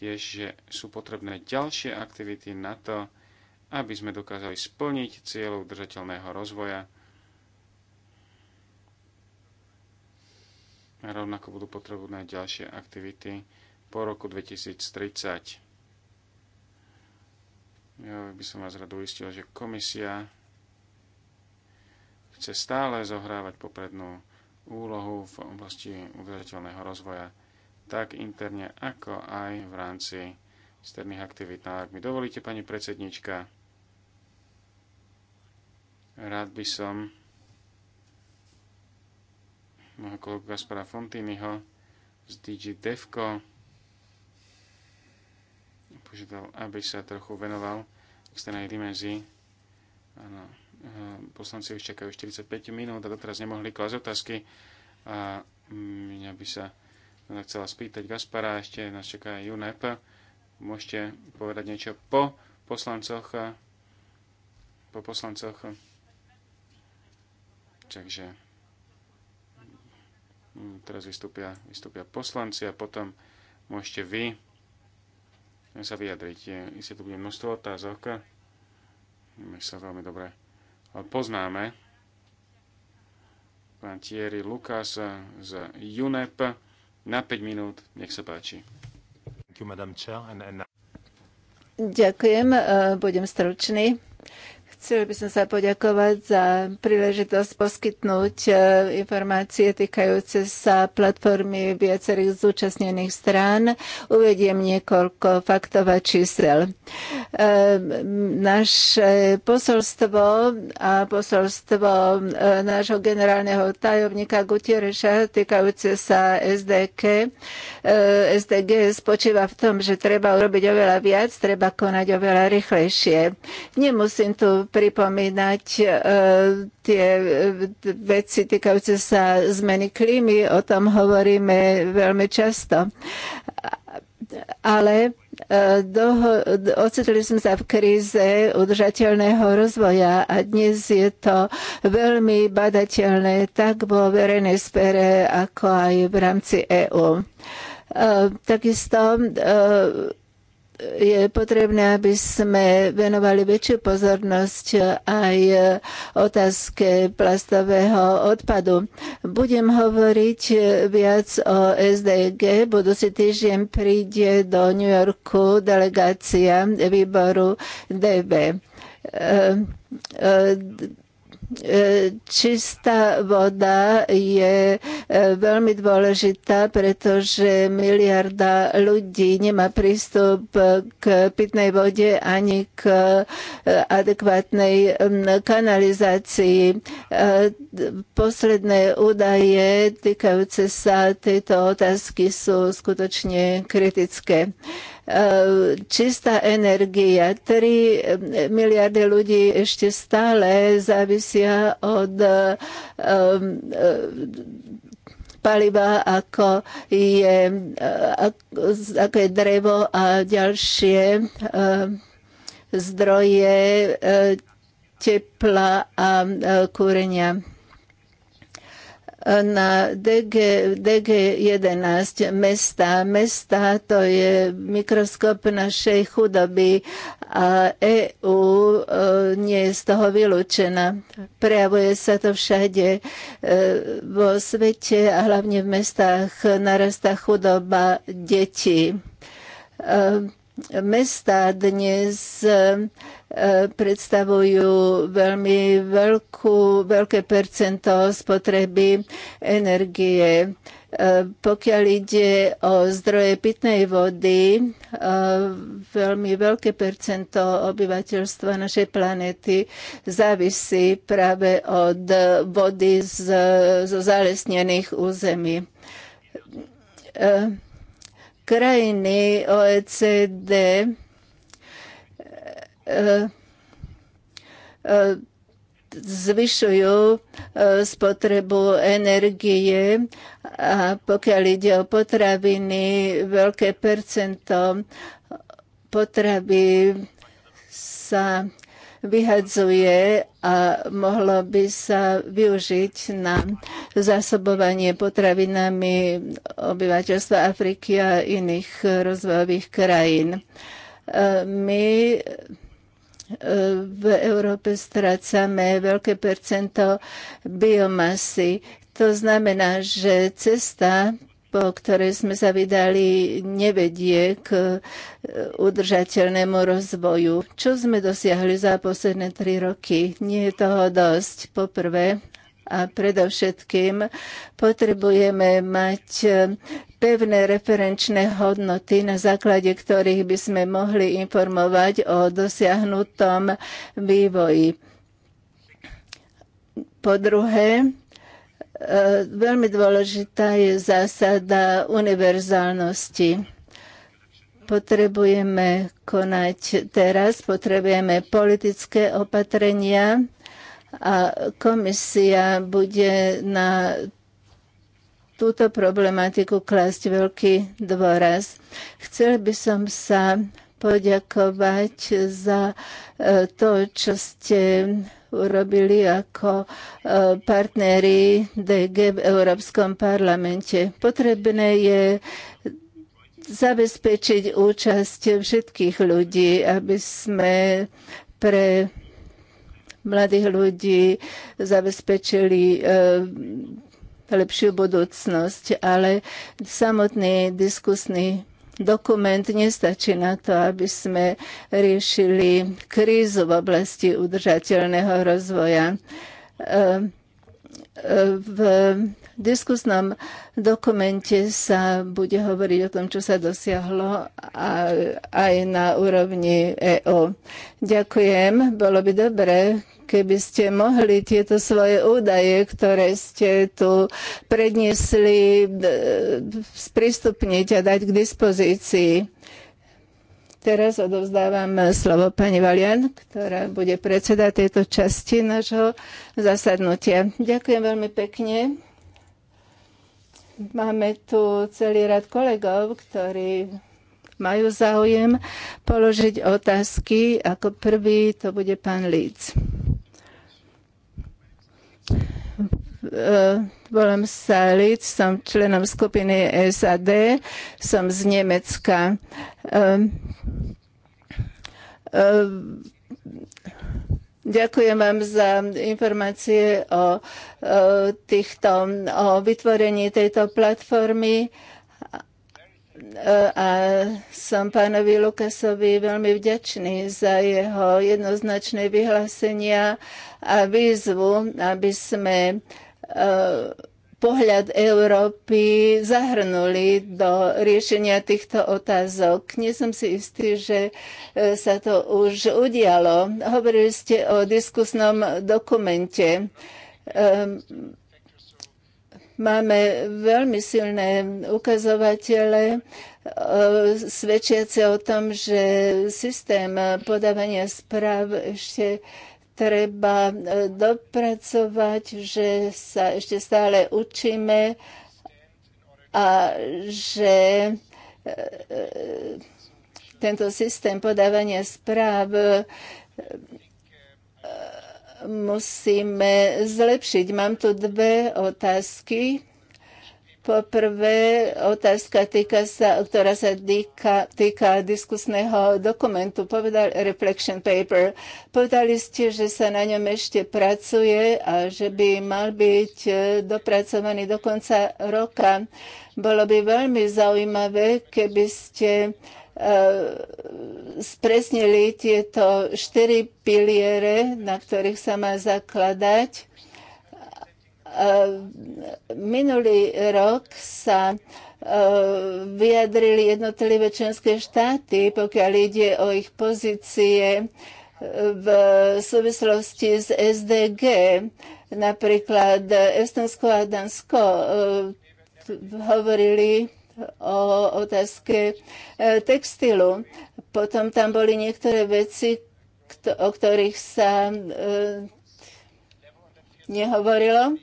tiež, že sú potrebné ďalšie aktivity na to, aby sme dokázali splniť cieľov držateľného rozvoja. A rovnako budú potrebné ďalšie aktivity po roku 2030. Ja by som vás rád uistil, že komisia chce stále zohrávať poprednú úlohu v oblasti udržateľného rozvoja, tak interne, ako aj v rámci externých aktivít. No, ak mi dovolíte, pani predsednička, rád by som môjho kolegu Gaspara Fontínyho z DG Devco požiadal, aby sa trochu venoval externej dimenzii. Áno, eh, poslanci už čakajú 45 minút a doteraz nemohli klásť otázky. A mňa by sa teda chcela spýtať Gaspara, ešte nás čaká UNEP. Môžete povedať niečo po poslancoch, po poslancoch. Takže mm, teraz vystúpia, vystúpia poslanci a potom môžete vy sa vyjadriť. Isté tu bude množstvo otázok. My sa veľmi dobre poznáme. Pán Thierry Lukas z UNEP na 5 minút. Nech sa páči. Ďakujem, e, budem stručný. Chcel by som sa poďakovať za príležitosť poskytnúť e, informácie týkajúce sa platformy viacerých zúčastnených strán. Uvediem niekoľko faktov a čísel. E, naše posolstvo a posolstvo e, nášho generálneho tajomníka Gutiereša týkajúce sa SDK, SDG spočíva v tom, že treba urobiť oveľa viac, treba konať oveľa rýchlejšie. Nemusím tu pripomínať e, tie e, veci týkajúce sa zmeny klímy, o tom hovoríme veľmi často. Ale e, doho- ocitli sme sa v kríze udržateľného rozvoja a dnes je to veľmi badateľné tak vo verejnej sfére, ako aj v rámci EÚ. Takisto je potrebné, aby sme venovali väčšiu pozornosť aj otázke plastového odpadu. Budem hovoriť viac o SDG. Budúci týždeň príde do New Yorku delegácia výboru DB. E, e, Čistá voda je e, veľmi dôležitá, pretože miliarda ľudí nemá prístup k pitnej vode ani k e, adekvátnej kanalizácii. E, posledné údaje týkajúce sa tejto otázky sú skutočne kritické. Eh, čistá energia. 3 eh, miliardy ľudí ešte stále závisia od eh, paliva, ako je, ako je drevo a ďalšie zdroje tepla a kúrenia na DG, DG11 mesta. Mesta to je mikroskop našej chudoby a EU e, nie je z toho vylúčená. Prejavuje sa to všade e, vo svete a hlavne v mestách narastá chudoba detí e, mesta dnes E, predstavujú veľmi veľkú, veľké percento spotreby energie. E, pokiaľ ide o zdroje pitnej vody, e, veľmi veľké percento obyvateľstva našej planéty závisí práve od vody z, zo zalesnených území krajiny OECD zvyšujú e, spotrebu energie a pokiaľ ide o potraviny, veľké percento potravy sa vyhadzuje a mohlo by sa využiť na zásobovanie potravinami obyvateľstva Afriky a iných rozvojových krajín. E, my v Európe strácame veľké percento biomasy. To znamená, že cesta po ktorej sme sa vydali, nevedie k e, udržateľnému rozvoju. Čo sme dosiahli za posledné tri roky? Nie je toho dosť. Poprvé, a predovšetkým potrebujeme mať e, pevné referenčné hodnoty, na základe ktorých by sme mohli informovať o dosiahnutom vývoji. Po druhé, e, veľmi dôležitá je zásada univerzálnosti potrebujeme konať teraz, potrebujeme politické opatrenia, a komisia bude na túto problematiku klásť veľký dôraz. Chcel by som sa poďakovať za e, to, čo ste urobili ako e, partneri DG v Európskom parlamente. Potrebné je zabezpečiť účasť všetkých ľudí, aby sme pre mladých ľudí zabezpečili eh, lepšiu budúcnosť, ale samotný diskusný dokument nestačí na to, aby sme riešili krízu v oblasti udržateľného rozvoja. Eh, eh, v diskusnom dokumente sa bude hovoriť o tom, čo sa dosiahlo a aj na úrovni EÚ. Ďakujem, bolo by dobre, keby ste mohli tieto svoje údaje, ktoré ste tu predniesli, e, sprístupniť a dať k dispozícii. Teraz odovzdávam slovo pani Valian, ktorá bude predseda tejto časti nášho zasadnutia. Ďakujem veľmi pekne. Máme tu celý rad kolegov, ktorí majú záujem položiť otázky. Ako prvý to bude pán Líc. E, volám sa Líc, som členom skupiny SAD, som z Nemecka. Um, Ďakujem vám za informácie o, o, týchto, o vytvorení tejto platformy a som pánovi Lukasovi veľmi vďačný za jeho jednoznačné vyhlásenia a výzvu, aby sme uh, pohľad Európy zahrnuli do riešenia týchto otázok. Nie som si istý, že e, sa to už udialo. Hovorili ste o diskusnom dokumente. Ehm, máme veľmi silné ukazovatele e, svedčiace o tom, že systém podávania správ ešte treba e, dopracovať, že sa ešte stále učíme a že e, e, tento systém podávania správ musíme zlepšiť. Mám tu dve otázky Poprvé, otázka, týka sa, ktorá sa týka, týka diskusného dokumentu, povedal, reflection paper. Povedali ste, že sa na ňom ešte pracuje a že by mal byť e, dopracovaný do konca roka. Bolo by veľmi zaujímavé, keby ste e, spresnili tieto štyri piliere, na ktorých sa má zakladať Minulý rok sa e, vyjadrili jednotlivé členské štáty, pokiaľ ide o ich pozície e, v súvislosti s SDG, napríklad Estonsko a Dansko e, hovorili o otázke textilu. Potom tam boli niektoré veci, o ktorých sa nehovorilo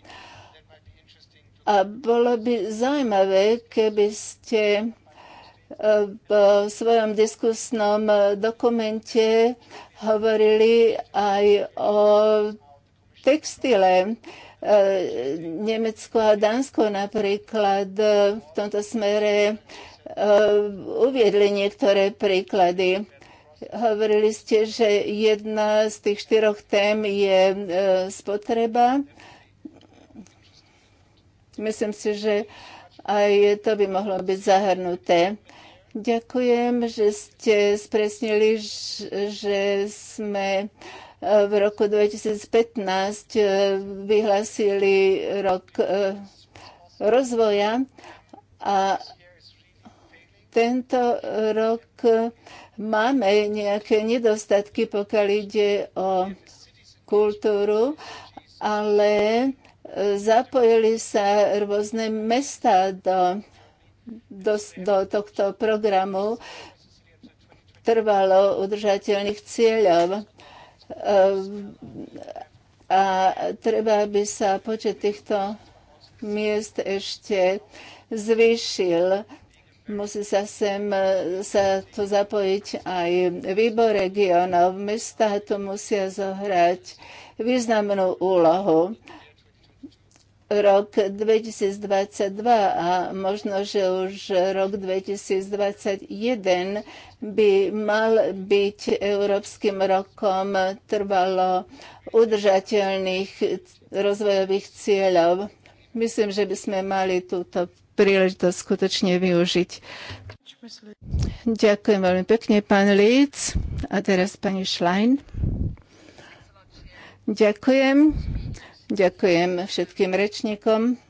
a bolo by zaujímavé, keby ste e, v svojom diskusnom dokumente hovorili aj o textile. E, Nemecko a Dánsko napríklad e, v tomto smere uviedli niektoré príklady. Hovorili ste, že jedna z tých štyroch tém je spotreba Myslím si, že aj to by mohlo byť zahrnuté. Ďakujem, že ste spresnili, že sme e, v roku 2015 e, vyhlásili rok e, rozvoja a tento rok máme nejaké nedostatky, pokiaľ ide o kultúru, ale Zapojili sa rôzne mesta do, do, do tohto programu trvalo udržateľných cieľov. Ehm, a treba, aby sa počet týchto miest ešte zvýšil. Musí sa sem sa tu zapojiť aj výbor regionov. Mesta tu musia zohrať významnú úlohu rok 2022 a možno, že už rok 2021 by mal byť Európskym rokom trvalo udržateľných rozvojových cieľov. Myslím, že by sme mali túto príležitosť skutočne využiť. Ďakujem veľmi pekne, pán Líc. A teraz pani Schlein. Ďakujem. Ďakujem všetkým rečníkom.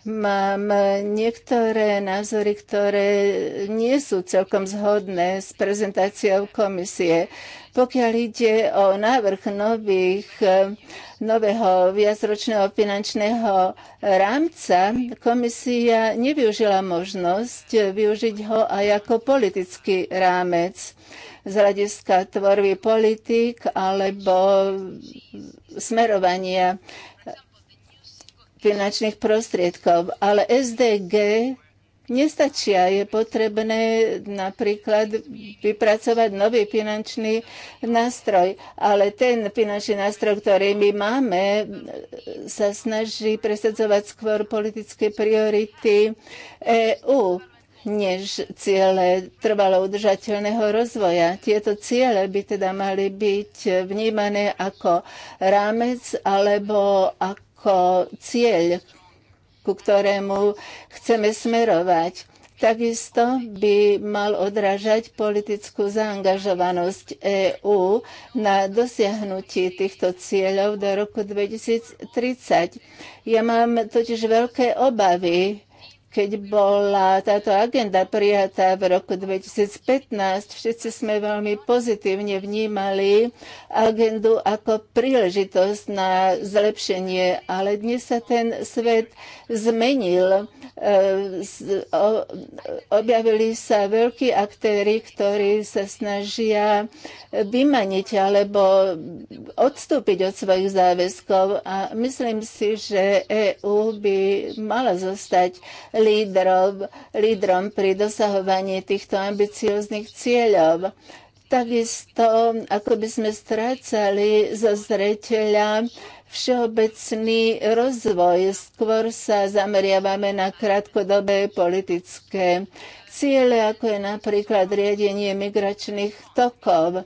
Mám niektoré názory, ktoré nie sú celkom zhodné s prezentáciou komisie. Pokiaľ ide o návrh nových, e, nového viacročného finančného rámca, komisia nevyužila možnosť využiť ho aj ako politický rámec z hľadiska tvorby politik alebo smerovania finančných prostriedkov. Ale SDG nestačia. Je potrebné napríklad vypracovať nový finančný nástroj, ale ten finančný nástroj, ktorý my máme, sa snaží presadzovať skôr politické priority EÚ než ciele trvalo udržateľného rozvoja. Tieto ciele by teda mali byť vnímané ako rámec alebo ako cieľ, ku ktorému chceme smerovať. Takisto by mal odrážať politickú zaangažovanosť EÚ na dosiahnutí týchto cieľov do roku 2030. Ja mám totiž veľké obavy, keď bola táto agenda prijatá v roku 2015, všetci sme veľmi pozitívne vnímali agendu ako príležitosť na zlepšenie, ale dnes sa ten svet zmenil. E, objavili sa veľkí aktéry, ktorí sa snažia vymaniť alebo odstúpiť od svojich záväzkov a myslím si, že EÚ by mala zostať lídrov, lídrom pri dosahovaní týchto ambicióznych cieľov. Takisto, ako by sme strácali zo zreteľa všeobecný rozvoj, skôr sa zameriavame na krátkodobé politické ciele, ako je napríklad riadenie migračných tokov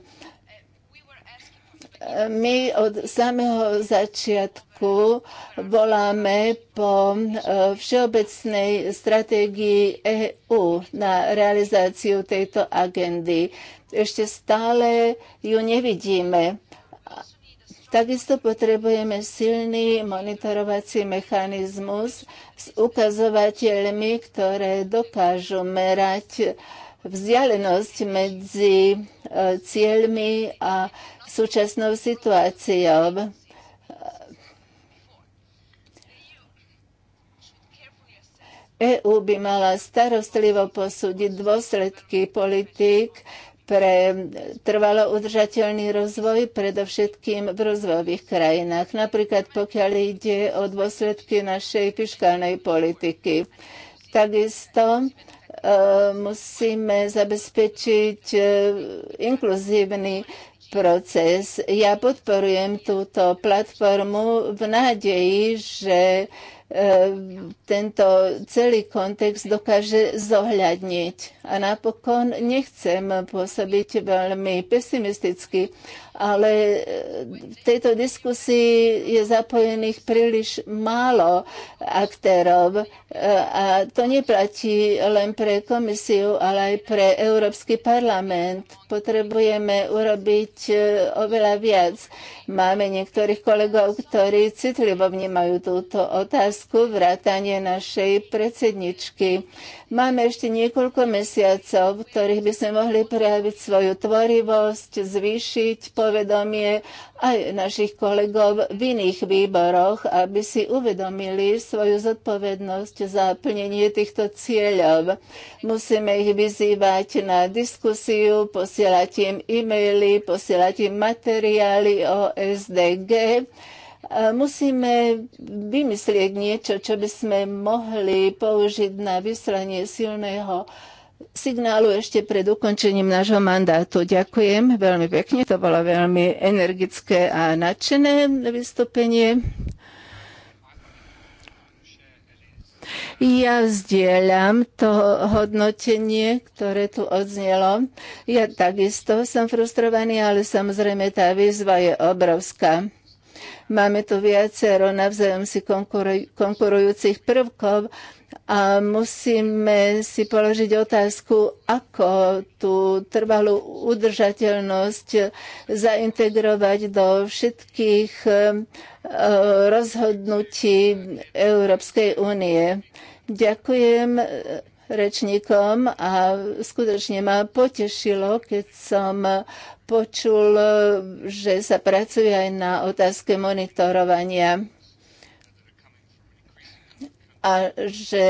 my od samého začiatku roku voláme po eh, všeobecnej stratégii EÚ na realizáciu tejto agendy. Ešte stále ju nevidíme. Takisto potrebujeme silný monitorovací mechanizmus s ukazovateľmi, ktoré dokážu merať vzdialenosť medzi eh, cieľmi a súčasnou situáciou EÚ by mala starostlivo posúdiť dôsledky politík pre trvalo udržateľný rozvoj, predovšetkým v rozvojových krajinách, napríklad pokiaľ ide o dôsledky našej fiskálnej politiky. Takisto e, musíme zabezpečiť e, inkluzívny proces. Ja podporujem túto platformu v nádeji, že e, tento celý kontext dokáže zohľadniť. A napokon nechcem pôsobiť veľmi pesimisticky, ale e, v tejto diskusii je zapojených príliš málo aktérov e, a to neplatí len pre komisiu, ale aj pre Európsky parlament. Potrebujeme urobiť e, oveľa viac. Máme niektorých kolegov, ktorí citlivo vnímajú túto otázku, vrátanie našej predsedničky. Máme ešte niekoľko mesiacov, v ktorých by sme mohli prejaviť svoju tvorivosť, zvýšiť povedomie aj našich kolegov v iných výboroch, aby si uvedomili svoju zodpovednosť za plnenie týchto cieľov. Musíme ich vyzývať na diskusiu, posielať im e-maily, posielať im materiály o SDG musíme vymyslieť niečo, čo by sme mohli použiť na vyslanie silného signálu ešte pred ukončením nášho mandátu. Ďakujem veľmi pekne, to bolo veľmi energické a nadšené vystúpenie. Ja vzdielam to hodnotenie, ktoré tu odznelo. Ja takisto som frustrovaný, ale samozrejme tá výzva je obrovská. Máme tu viacero navzájom si konkurujúcich prvkov a musíme si položiť otázku, ako tú trvalú udržateľnosť zaintegrovať do všetkých e, rozhodnutí Európskej únie. Ďakujem e, rečníkom a skutočne ma potešilo, keď som počul, e, že sa pracuje aj na otázke monitorovania a že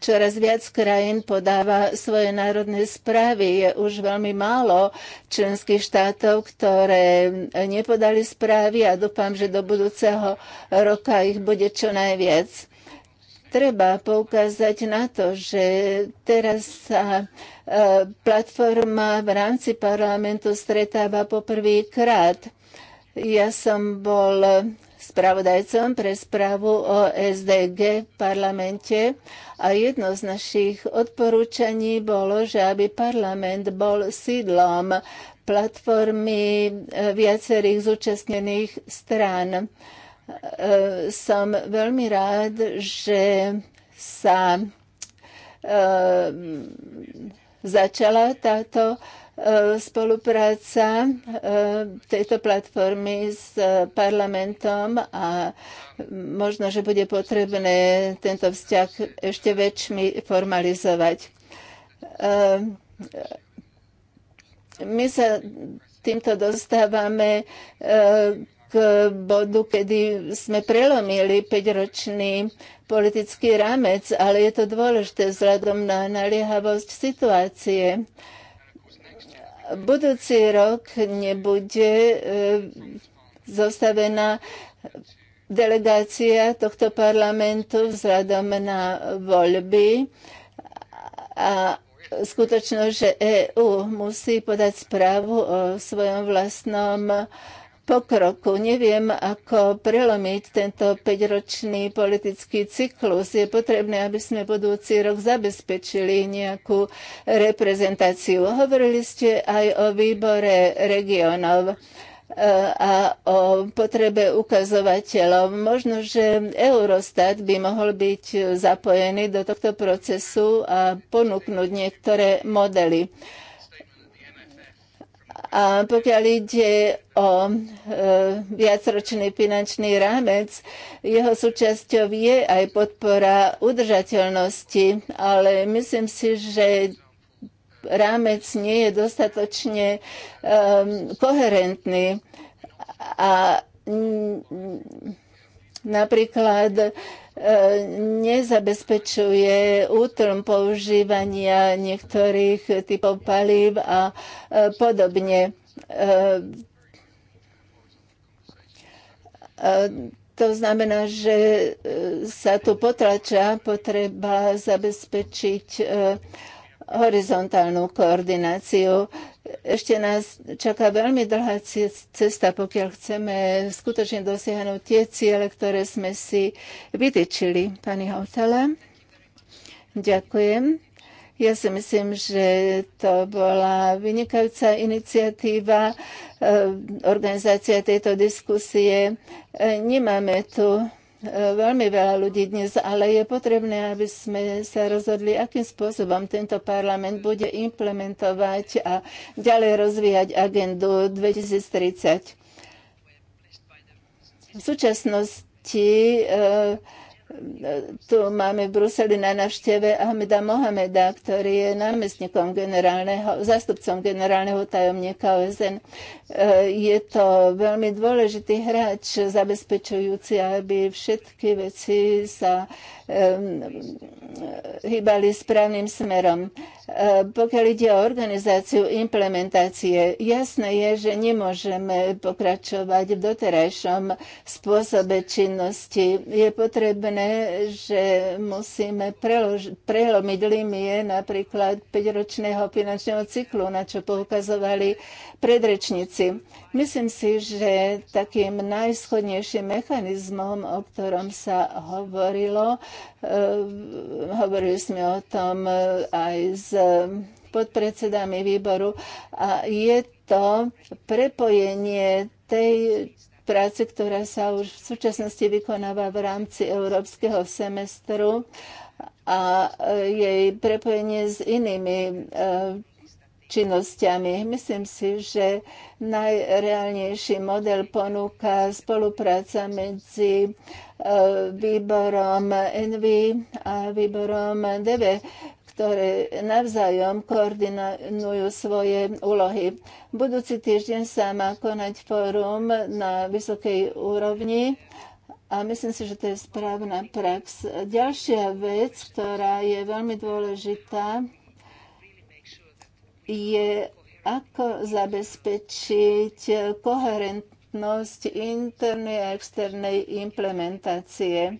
čoraz viac krajín podáva svoje národné správy. Je už veľmi málo členských štátov, ktoré nepodali správy a dúfam, že do budúceho roka ich bude čo najviac. Treba poukázať na to, že teraz sa e, platforma v rámci parlamentu stretáva poprvýkrát. Ja som bol spravodajcom pre správu o SDG v parlamente a jedno z našich odporúčaní bolo, že aby parlament bol sídlom platformy e, viacerých zúčastnených strán. E, som veľmi rád, že sa e, začala táto E, spolupráca e, tejto platformy s e, parlamentom a možno, že bude potrebné tento vzťah ešte väčšmi formalizovať. My sa týmto dostávame k bodu, kedy sme prelomili 5-ročný politický rámec, ale je to dôležité vzhľadom na naliehavosť situácie budúci rok nebude e, zostavená delegácia tohto parlamentu vzhľadom na voľby a skutočnosť, že EÚ musí podať správu o svojom vlastnom pokroku. Neviem, ako prelomiť tento 5-ročný politický cyklus. Je potrebné, aby sme budúci rok zabezpečili nejakú reprezentáciu. Hovorili ste aj o výbore regionov e, a o potrebe ukazovateľov. Možno, že Eurostat by mohol byť zapojený do tohto procesu a ponúknuť niektoré modely. A pokiaľ ide o e, viacročný finančný rámec, jeho súčasťou je aj podpora udržateľnosti, ale myslím si, že rámec nie je dostatočne e, koherentný. A m, napríklad nezabezpečuje útrom používania niektorých typov palív a e, podobne. E, e, to znamená, že sa tu potlača potreba zabezpečiť horizontálnu koordináciu ešte nás čaká veľmi dlhá cesta, pokiaľ chceme skutočne dosiahnuť tie ciele, ktoré sme si vytýčili. Pani Hautala, ďakujem. Ja si myslím, že to bola vynikajúca iniciatíva, eh, organizácia tejto diskusie. Eh, nemáme tu veľmi veľa ľudí dnes, ale je potrebné, aby sme sa rozhodli, akým spôsobom tento parlament bude implementovať a ďalej rozvíjať agendu 2030. V súčasnosti eh, tu máme v Bruseli na navšteve Ahmeda Mohameda, ktorý je námestníkom generálneho, zastupcom generálneho tajomníka OSN. E, je to veľmi dôležitý hráč, zabezpečujúci, aby všetky veci sa hýbali správnym smerom. Pokiaľ ide o organizáciu implementácie, jasné je, že nemôžeme pokračovať v doterajšom spôsobe činnosti. Je potrebné, že musíme prelomiť limie napríklad 5-ročného finančného cyklu, na čo poukazovali predrečníci. Myslím si, že takým najschodnejším mechanizmom, o ktorom sa hovorilo, Eh, hovorili sme o tom eh, aj s eh, podpredsedami výboru a je to prepojenie tej práce, ktorá sa už v súčasnosti vykonáva v rámci európskeho semestru a jej prepojenie s inými činnosťami. Myslím si, že najreálnejší model ponúka spolupráca medzi e, výborom NV a výborom DV, ktoré navzájom koordinujú svoje úlohy. Budúci týždeň sa má konať fórum na vysokej úrovni a myslím si, že to je správna prax. Ďalšia vec, ktorá je veľmi dôležitá, je, ako zabezpečiť koherentnosť internej a externej implementácie e,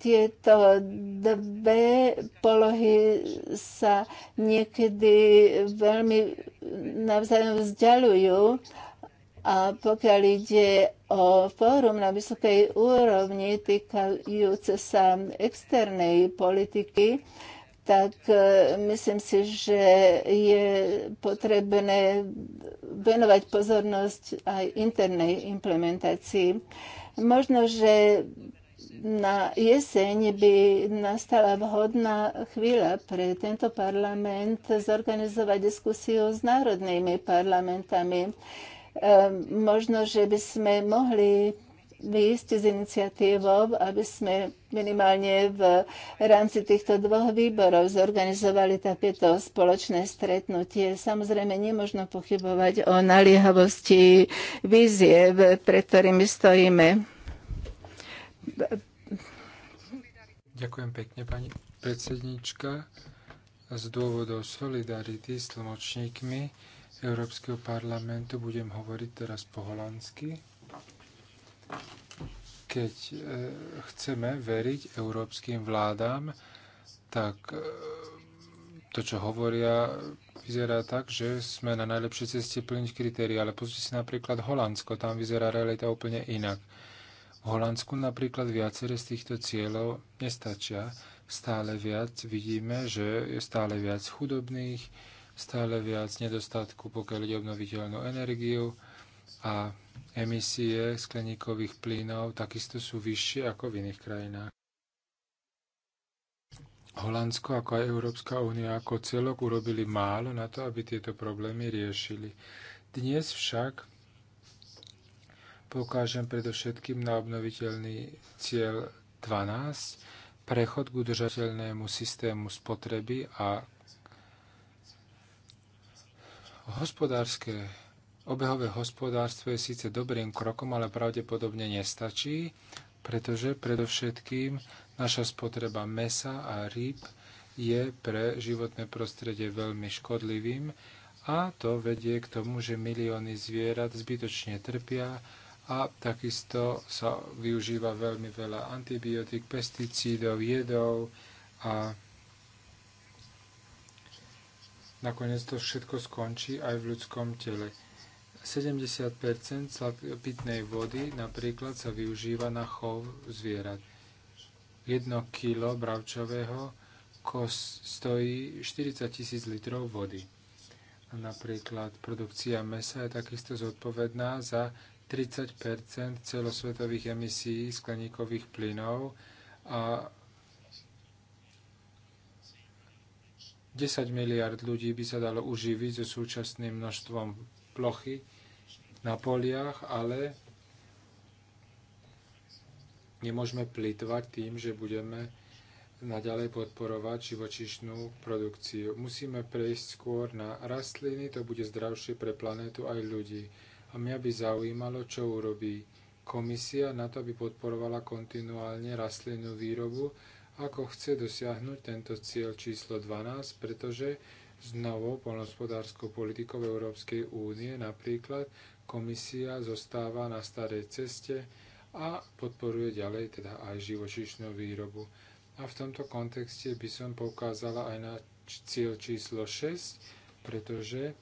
tieto dve polohy sa niekedy veľmi navzájom vzdialujú. A pokiaľ ide o fórum na vysokej úrovni týkajúce sa externej politiky, tak e, myslím si, že je potrebné venovať pozornosť aj internej implementácii. Možno, že na jeseň by nastala vhodná chvíľa pre tento parlament zorganizovať diskusiu s národnými parlamentami. E, možno, že by sme mohli výjsť s iniciatívou, aby sme minimálne v rámci týchto dvoch výborov zorganizovali takéto spoločné stretnutie. Samozrejme, nemožno pochybovať o naliehavosti vízie, pre ktorými stojíme. Ďakujem pekne, pani predsednička. Z dôvodov solidarity s tlmočníkmi Európskeho parlamentu budem hovoriť teraz po holandsky. Keď e, chceme veriť európskym vládám, tak e, to, čo hovoria, vyzerá tak, že sme na najlepšej ceste plniť kritérii. ale pozrite si napríklad Holandsko, tam vyzerá realita úplne inak. V Holandsku napríklad viaceré z týchto cieľov nestačia. Stále viac vidíme, že je stále viac chudobných, stále viac nedostatku, pokiaľ ide obnoviteľnú energiu a emisie skleníkových plynov takisto sú vyššie ako v iných krajinách. Holandsko ako aj Európska únia ako celok urobili málo na to, aby tieto problémy riešili. Dnes však pokážem predovšetkým na obnoviteľný cieľ 12, prechod k udržateľnému systému spotreby a hospodárske Obehové hospodárstvo je síce dobrým krokom, ale pravdepodobne nestačí, pretože predovšetkým naša spotreba mesa a rýb je pre životné prostredie veľmi škodlivým a to vedie k tomu, že milióny zvierat zbytočne trpia a takisto sa využíva veľmi veľa antibiotík, pesticídov, jedov a nakoniec to všetko skončí aj v ľudskom tele. 70 pitnej vody napríklad sa využíva na chov zvierat. 1 kilo bravčového kost stojí 40 tisíc litrov vody. A napríklad produkcia mesa je takisto zodpovedná za 30 celosvetových emisí skleníkových plynov a 10 miliard ľudí by sa dalo uživiť so súčasným množstvom plochy na poliach, ale nemôžeme plitvať tým, že budeme naďalej podporovať živočišnú produkciu. Musíme prejsť skôr na rastliny, to bude zdravšie pre planétu aj ľudí. A mňa by zaujímalo, čo urobí komisia na to, aby podporovala kontinuálne rastlinnú výrobu, ako chce dosiahnuť tento cieľ číslo 12, pretože s novou polnospodárskou politikou Európskej únie napríklad komisia zostáva na starej ceste a podporuje ďalej teda aj živočišnú výrobu. A v tomto kontexte by som poukázala aj na cieľ číslo 6, pretože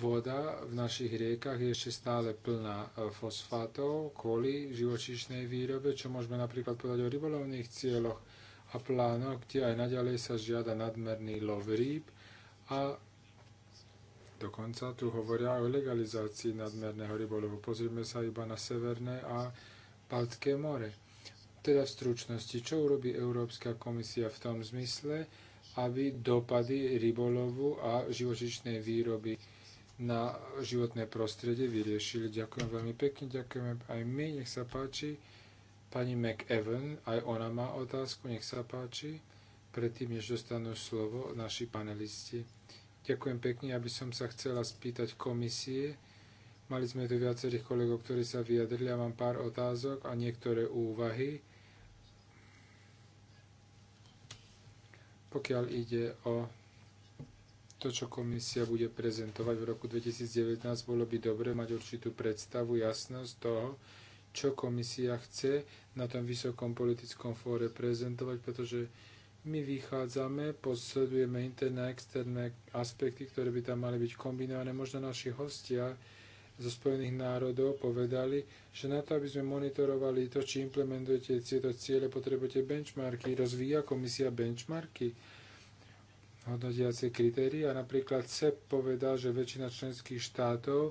voda v našich riekach je ešte stále plná e, fosfátov kvôli živočišnej výrobe, čo môžeme napríklad povedať o rybolovných cieľoch a plánoch, kde aj naďalej sa žiada nadmerný lov rýb a dokonca, tu hovoria o legalizácii nadmerného rybolovu. Pozrime sa iba na Severné a Baltské more. Teda v stručnosti, čo urobí Európska komisia v tom zmysle, aby dopady rybolovu a živočišnej výroby na životné prostredie vyriešili. Ďakujem veľmi pekne, ďakujeme aj my, nech sa páči. Pani McEvan. aj ona má otázku, nech sa páči. Predtým, než dostanú slovo naši panelisti. Ďakujem pekne, aby som sa chcela spýtať komisie. Mali sme tu viacerých kolegov, ktorí sa vyjadrili. Ja mám pár otázok a niektoré úvahy. Pokiaľ ide o to, čo komisia bude prezentovať v roku 2019, bolo by dobre mať určitú predstavu, jasnosť toho, čo komisia chce na tom vysokom politickom fóre prezentovať, pretože my vychádzame, posledujeme interné a externé aspekty, ktoré by tam mali byť kombinované. Možno naši hostia zo Spojených národov povedali, že na to, aby sme monitorovali to, či implementujete tieto ciele, potrebujete benchmarky. Rozvíja komisia benchmarky, hodnotiace kritéria. Napríklad CEP povedal, že väčšina členských štátov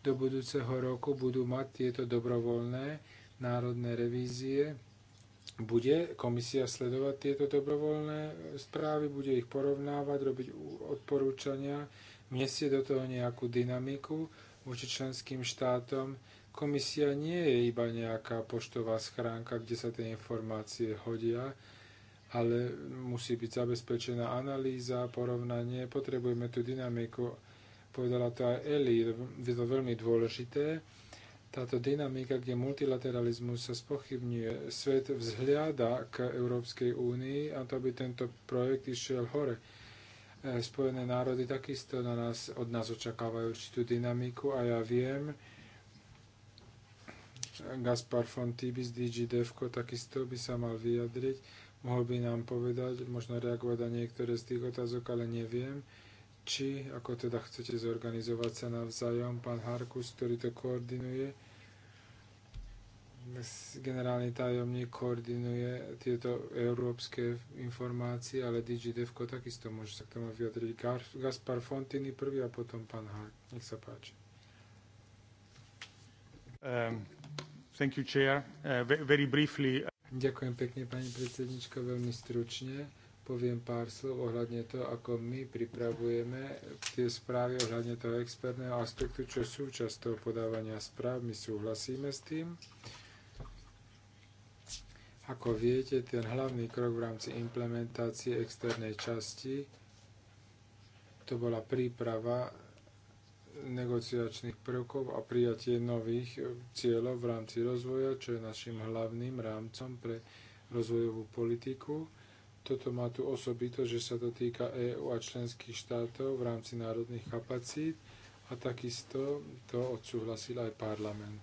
do budúceho roku budú mať tieto dobrovoľné národné revízie bude komisia sledovať tieto dobrovoľné správy, bude ich porovnávať, robiť odporúčania, vniesie do toho nejakú dynamiku voči členským štátom. Komisia nie je iba nejaká poštová schránka, kde sa tie informácie hodia, ale musí byť zabezpečená analýza, porovnanie, potrebujeme tú dynamiku. Povedala to aj Eli, je to veľmi dôležité táto dynamika, kde multilateralizmus sa spochybňuje, svet vzhliada k Európskej únii a to by tento projekt išiel hore. E, Spojené národy takisto na nás, od nás očakávajú určitú dynamiku a ja viem, Gaspar von Tibis, DG Devko, takisto by sa mal vyjadriť, mohol by nám povedať, možno reagovať na niektoré z tých otázok, ale neviem či ako teda chcete zorganizovať sa navzájom. Pán Harkus, ktorý to koordinuje, generálny tajomník koordinuje tieto európske informácie, ale DigiDevko takisto môže sa k tomu vyjadriť. Gaspar Fontini prvý a potom pán hark, Nech sa páči. Um, thank you, chair. Uh, very briefly. Uh, Ďakujem pekne, pani predsednička, veľmi stručne poviem pár slov ohľadne toho, ako my pripravujeme tie správy ohľadne toho expertného aspektu, čo súčasť toho podávania správ. My súhlasíme s tým. Ako viete, ten hlavný krok v rámci implementácie externej časti to bola príprava negociačných prvkov a prijatie nových cieľov v rámci rozvoja, čo je našim hlavným rámcom pre rozvojovú politiku. Toto má tu osobito, že sa to týka EÚ a členských štátov v rámci národných kapacít a takisto to odsúhlasil aj parlament.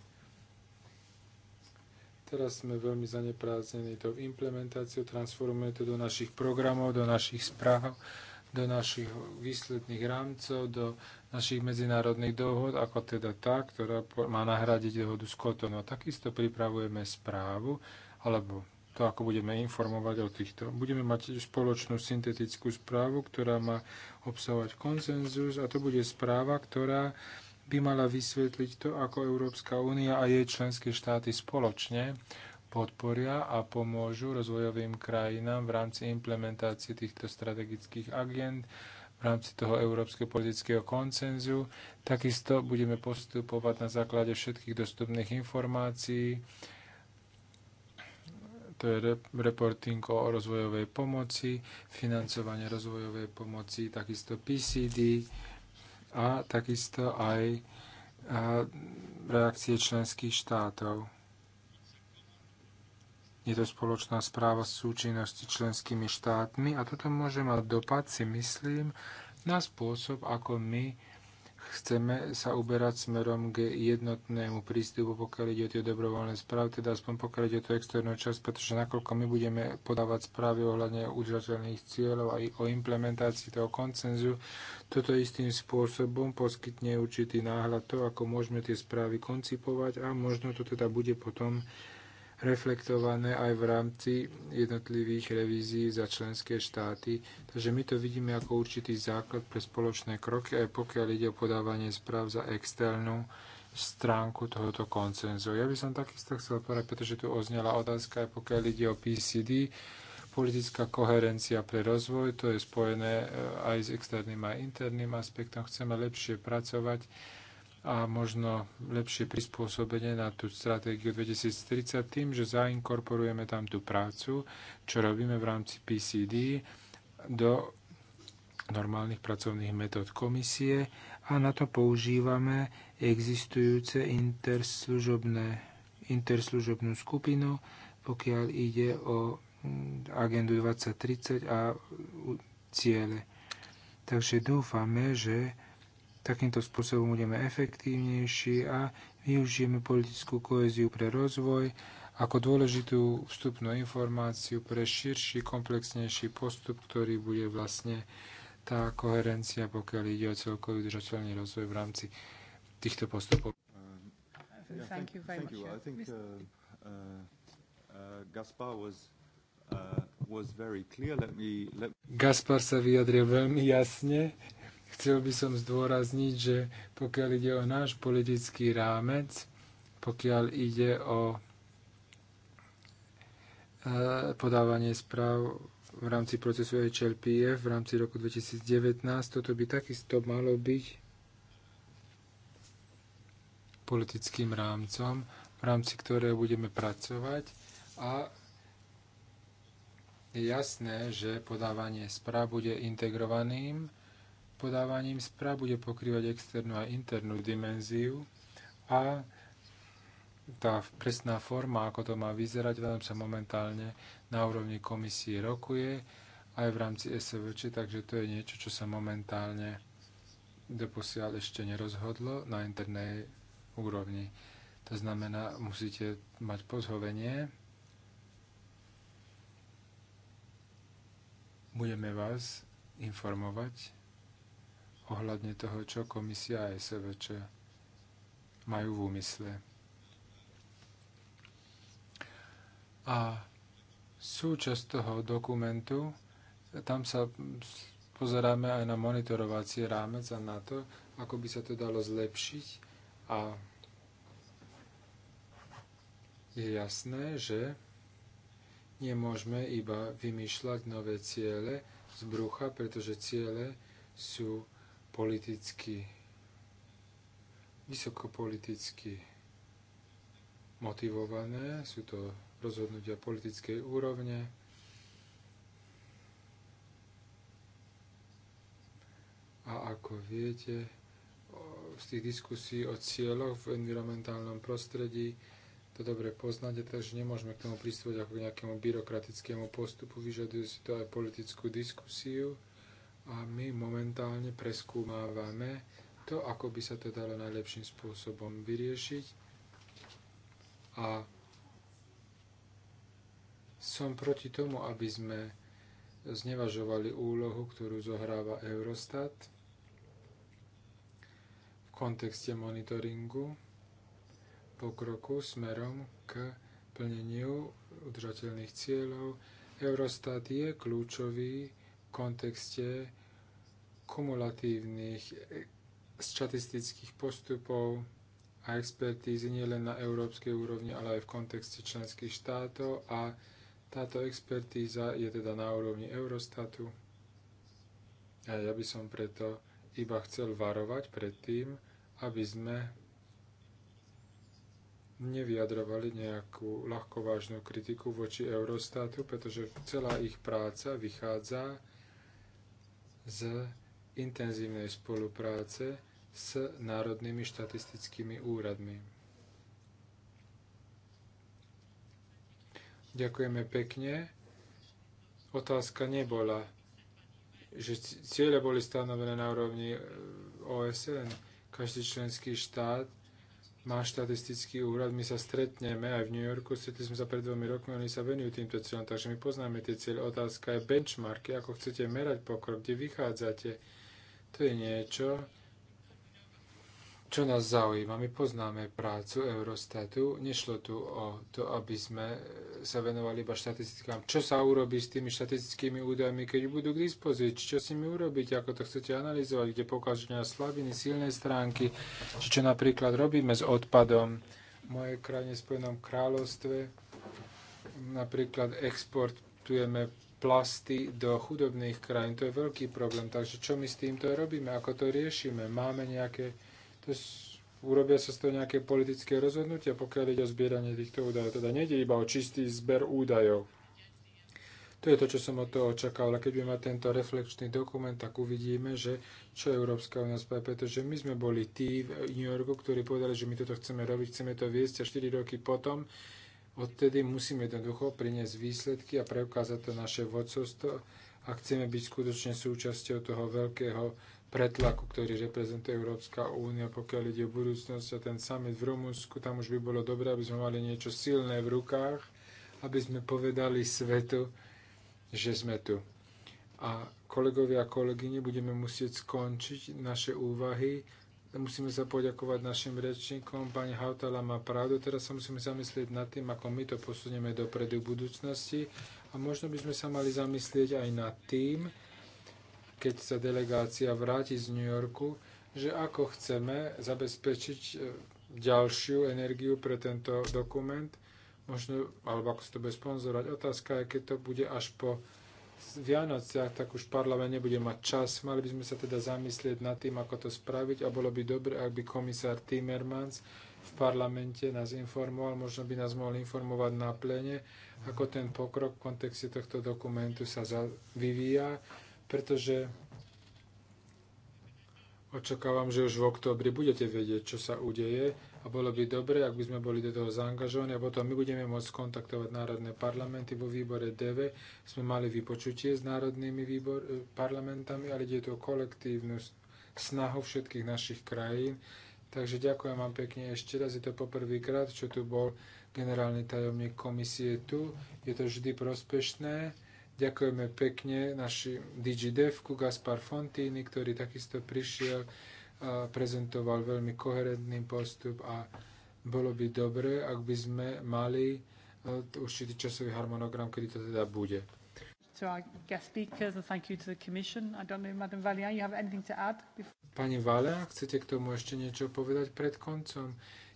Teraz sme veľmi zaneprázdnení tou implementáciou, transformujeme to do našich programov, do našich správ, do našich výsledných rámcov, do našich medzinárodných dohod, ako teda tá, ktorá má nahradiť dohodu s Kotonou. Takisto pripravujeme správu, alebo to, ako budeme informovať o týchto. Budeme mať spoločnú syntetickú správu, ktorá má obsahovať konsenzus a to bude správa, ktorá by mala vysvetliť to, ako Európska únia a jej členské štáty spoločne podporia a pomôžu rozvojovým krajinám v rámci implementácie týchto strategických agent, v rámci toho európskeho politického koncenzu. Takisto budeme postupovať na základe všetkých dostupných informácií, to je reporting o rozvojovej pomoci, financovanie rozvojovej pomoci, takisto PCD a takisto aj reakcie členských štátov. Je to spoločná správa s súčinnosti členskými štátmi a toto môže mať dopad, si myslím, na spôsob, ako my chceme sa uberať smerom k jednotnému prístupu, pokiaľ ide o tie dobrovoľné správy, teda aspoň pokiaľ ide o tú externú časť, pretože nakoľko my budeme podávať správy ohľadne udržateľných cieľov aj o implementácii toho koncenzu, toto istým spôsobom poskytne určitý náhľad to, ako môžeme tie správy koncipovať a možno to teda bude potom reflektované aj v rámci jednotlivých revízií za členské štáty. Takže my to vidíme ako určitý základ pre spoločné kroky, aj pokiaľ ide o podávanie správ za externú stránku tohoto koncenzu. Ja by som takisto chcel povedať, pretože tu oznela otázka, aj pokiaľ ide o PCD, politická koherencia pre rozvoj, to je spojené eh, aj s externým a interným aspektom. Chceme lepšie pracovať a možno lepšie prispôsobenie na tú stratégiu 2030 tým, že zainkorporujeme tam tú prácu, čo robíme v rámci PCD do normálnych pracovných metód komisie a na to používame existujúce interslužobné, interslužobnú skupinu, pokiaľ ide o agendu 2030 a ciele. Takže dúfame, že Takýmto spôsobom budeme efektívnejší a využijeme politickú koéziu pre rozvoj ako dôležitú vstupnú informáciu pre širší, komplexnejší postup, ktorý bude vlastne tá koherencia, pokiaľ ide o celkový udržateľný rozvoj v rámci týchto postupov. Gaspar sa vyjadril veľmi jasne. Chcel by som zdôrazniť, že pokiaľ ide o náš politický rámec, pokiaľ ide o e, podávanie správ v rámci procesu HLPF v rámci roku 2019, toto by takisto malo byť politickým rámcom, v rámci ktorého budeme pracovať a je jasné, že podávanie správ bude integrovaným Podávaním správ bude pokrývať externú a internú dimenziu a tá presná forma, ako to má vyzerať, veľmi sa momentálne na úrovni komisie rokuje aj v rámci SVČ, takže to je niečo, čo sa momentálne doposiaľ ešte nerozhodlo na internej úrovni. To znamená, musíte mať pozhovenie. Budeme vás informovať ohľadne toho, čo komisia a SVČ majú v úmysle. A súčasť toho dokumentu, tam sa pozeráme aj na monitorovací rámec a na to, ako by sa to dalo zlepšiť a je jasné, že nemôžeme iba vymýšľať nové ciele z brucha, pretože ciele sú politicky, vysokopoliticky motivované, sú to rozhodnutia politickej úrovne. A ako viete, z tých diskusí o cieľoch v environmentálnom prostredí to dobre poznáte, takže nemôžeme k tomu pristúpiť ako k nejakému byrokratickému postupu, vyžaduje si to aj politickú diskusiu a my momentálne preskúmávame to, ako by sa to dalo najlepším spôsobom vyriešiť a som proti tomu, aby sme znevažovali úlohu, ktorú zohráva Eurostat v kontexte monitoringu pokroku smerom k plneniu udržateľných cieľov. Eurostat je kľúčový v kontexte kumulatívnych e, statistických postupov a expertízy nielen na európskej úrovni, ale aj v kontexte členských štátov a táto expertíza je teda na úrovni Eurostatu. A ja by som preto iba chcel varovať pred tým, aby sme nevyjadrovali nejakú ľahkovážnu kritiku voči Eurostatu, pretože celá ich práca vychádza z intenzívnej spolupráce s národnými štatistickými úradmi. Ďakujeme pekne. Otázka nebola, že ciele boli stanovené na úrovni e, OSN. Každý členský štát má štatistický úrad, my sa stretneme aj v New Yorku, stretli sme sa pred dvomi rokmi, oni sa venujú týmto cieľom, takže my poznáme tie cieľe. Otázka je benchmarky, ako chcete merať pokrok, kde vychádzate to je niečo, čo nás zaujíma. My poznáme prácu Eurostatu. Nešlo tu o to, aby sme sa venovali iba štatistikám. Čo sa urobí s tými štatistickými údajmi, keď budú k dispozícii? Čo si mi urobiť? Ako to chcete analyzovať? Kde pokážu na slabiny, silné stránky? Či čo napríklad robíme s odpadom? V mojej krajine, Spojenom kráľovstve, napríklad exportujeme plasty do chudobných krajín. To je veľký problém. Takže čo my s týmto robíme? Ako to riešime? Máme nejaké... To urobia sa z toho nejaké politické rozhodnutia, pokiaľ ide o zbieranie týchto údajov. Teda nejde iba o čistý zber údajov. To je to, čo som od toho očakával. A keď by mať tento reflekčný dokument, tak uvidíme, že čo Európska únia spraví, pretože my sme boli tí v New Yorku, ktorí povedali, že my toto chceme robiť, chceme to viesť a 4 roky potom Odtedy musíme jednoducho priniesť výsledky a preukázať to naše vodcovstvo a chceme byť skutočne súčasťou toho veľkého pretlaku, ktorý reprezentuje Európska únia, pokiaľ ide o budúcnosť a ten summit v Rumunsku, tam už by bolo dobré, aby sme mali niečo silné v rukách, aby sme povedali svetu, že sme tu. A kolegovia a kolegyne budeme musieť skončiť naše úvahy Musíme sa poďakovať našim rečníkom. Pani Hautala má pravdu. Teraz sa musíme zamyslieť nad tým, ako my to posunieme dopredu v budúcnosti. A možno by sme sa mali zamyslieť aj nad tým, keď sa delegácia vráti z New Yorku, že ako chceme zabezpečiť e, ďalšiu energiu pre tento dokument, možno, alebo ako sa to bude sponzorovať. Otázka je, keď to bude až po Vianociach, tak už parlament nebude mať čas. Mali by sme sa teda zamyslieť nad tým, ako to spraviť a bolo by dobre, ak by komisár Timmermans v parlamente nás informoval, možno by nás mohol informovať na plene, ako ten pokrok v kontexte tohto dokumentu sa vyvíja, pretože očakávam, že už v oktobri budete vedieť, čo sa udeje a bolo by dobre, ak by sme boli do toho zaangažovaní a potom my budeme môcť kontaktovať národné parlamenty vo výbore DV. Sme mali vypočutie s národnými výbor, eh, parlamentami, ale ide tu o kolektívnu snahu všetkých našich krajín. Takže ďakujem vám pekne ešte raz. Je to poprvýkrát, čo tu bol generálny tajomník komisie tu. Je to vždy prospešné. Ďakujeme pekne našim DigiDevku Gaspar Fontini, ktorý takisto prišiel prezentoval veľmi koherentný postup a bolo by dobre, ak by sme mali e, určitý časový harmonogram, kedy to teda bude. Pani Valia, chcete k tomu ešte niečo povedať pred koncom?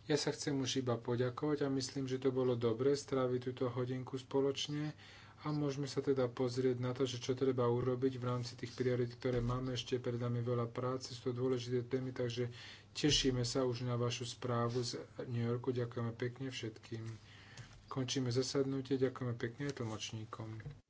Ja sa chcem už iba poďakovať a myslím, že to bolo dobre stráviť túto hodinku spoločne a môžeme sa teda pozrieť na to, že čo treba urobiť v rámci tých priorit, ktoré máme. Ešte pred nami veľa práce, sú to dôležité témy, takže tešíme sa už na vašu správu z New Yorku. Ďakujeme pekne všetkým. Končíme zasadnutie, ďakujeme pekne aj tlmočníkom.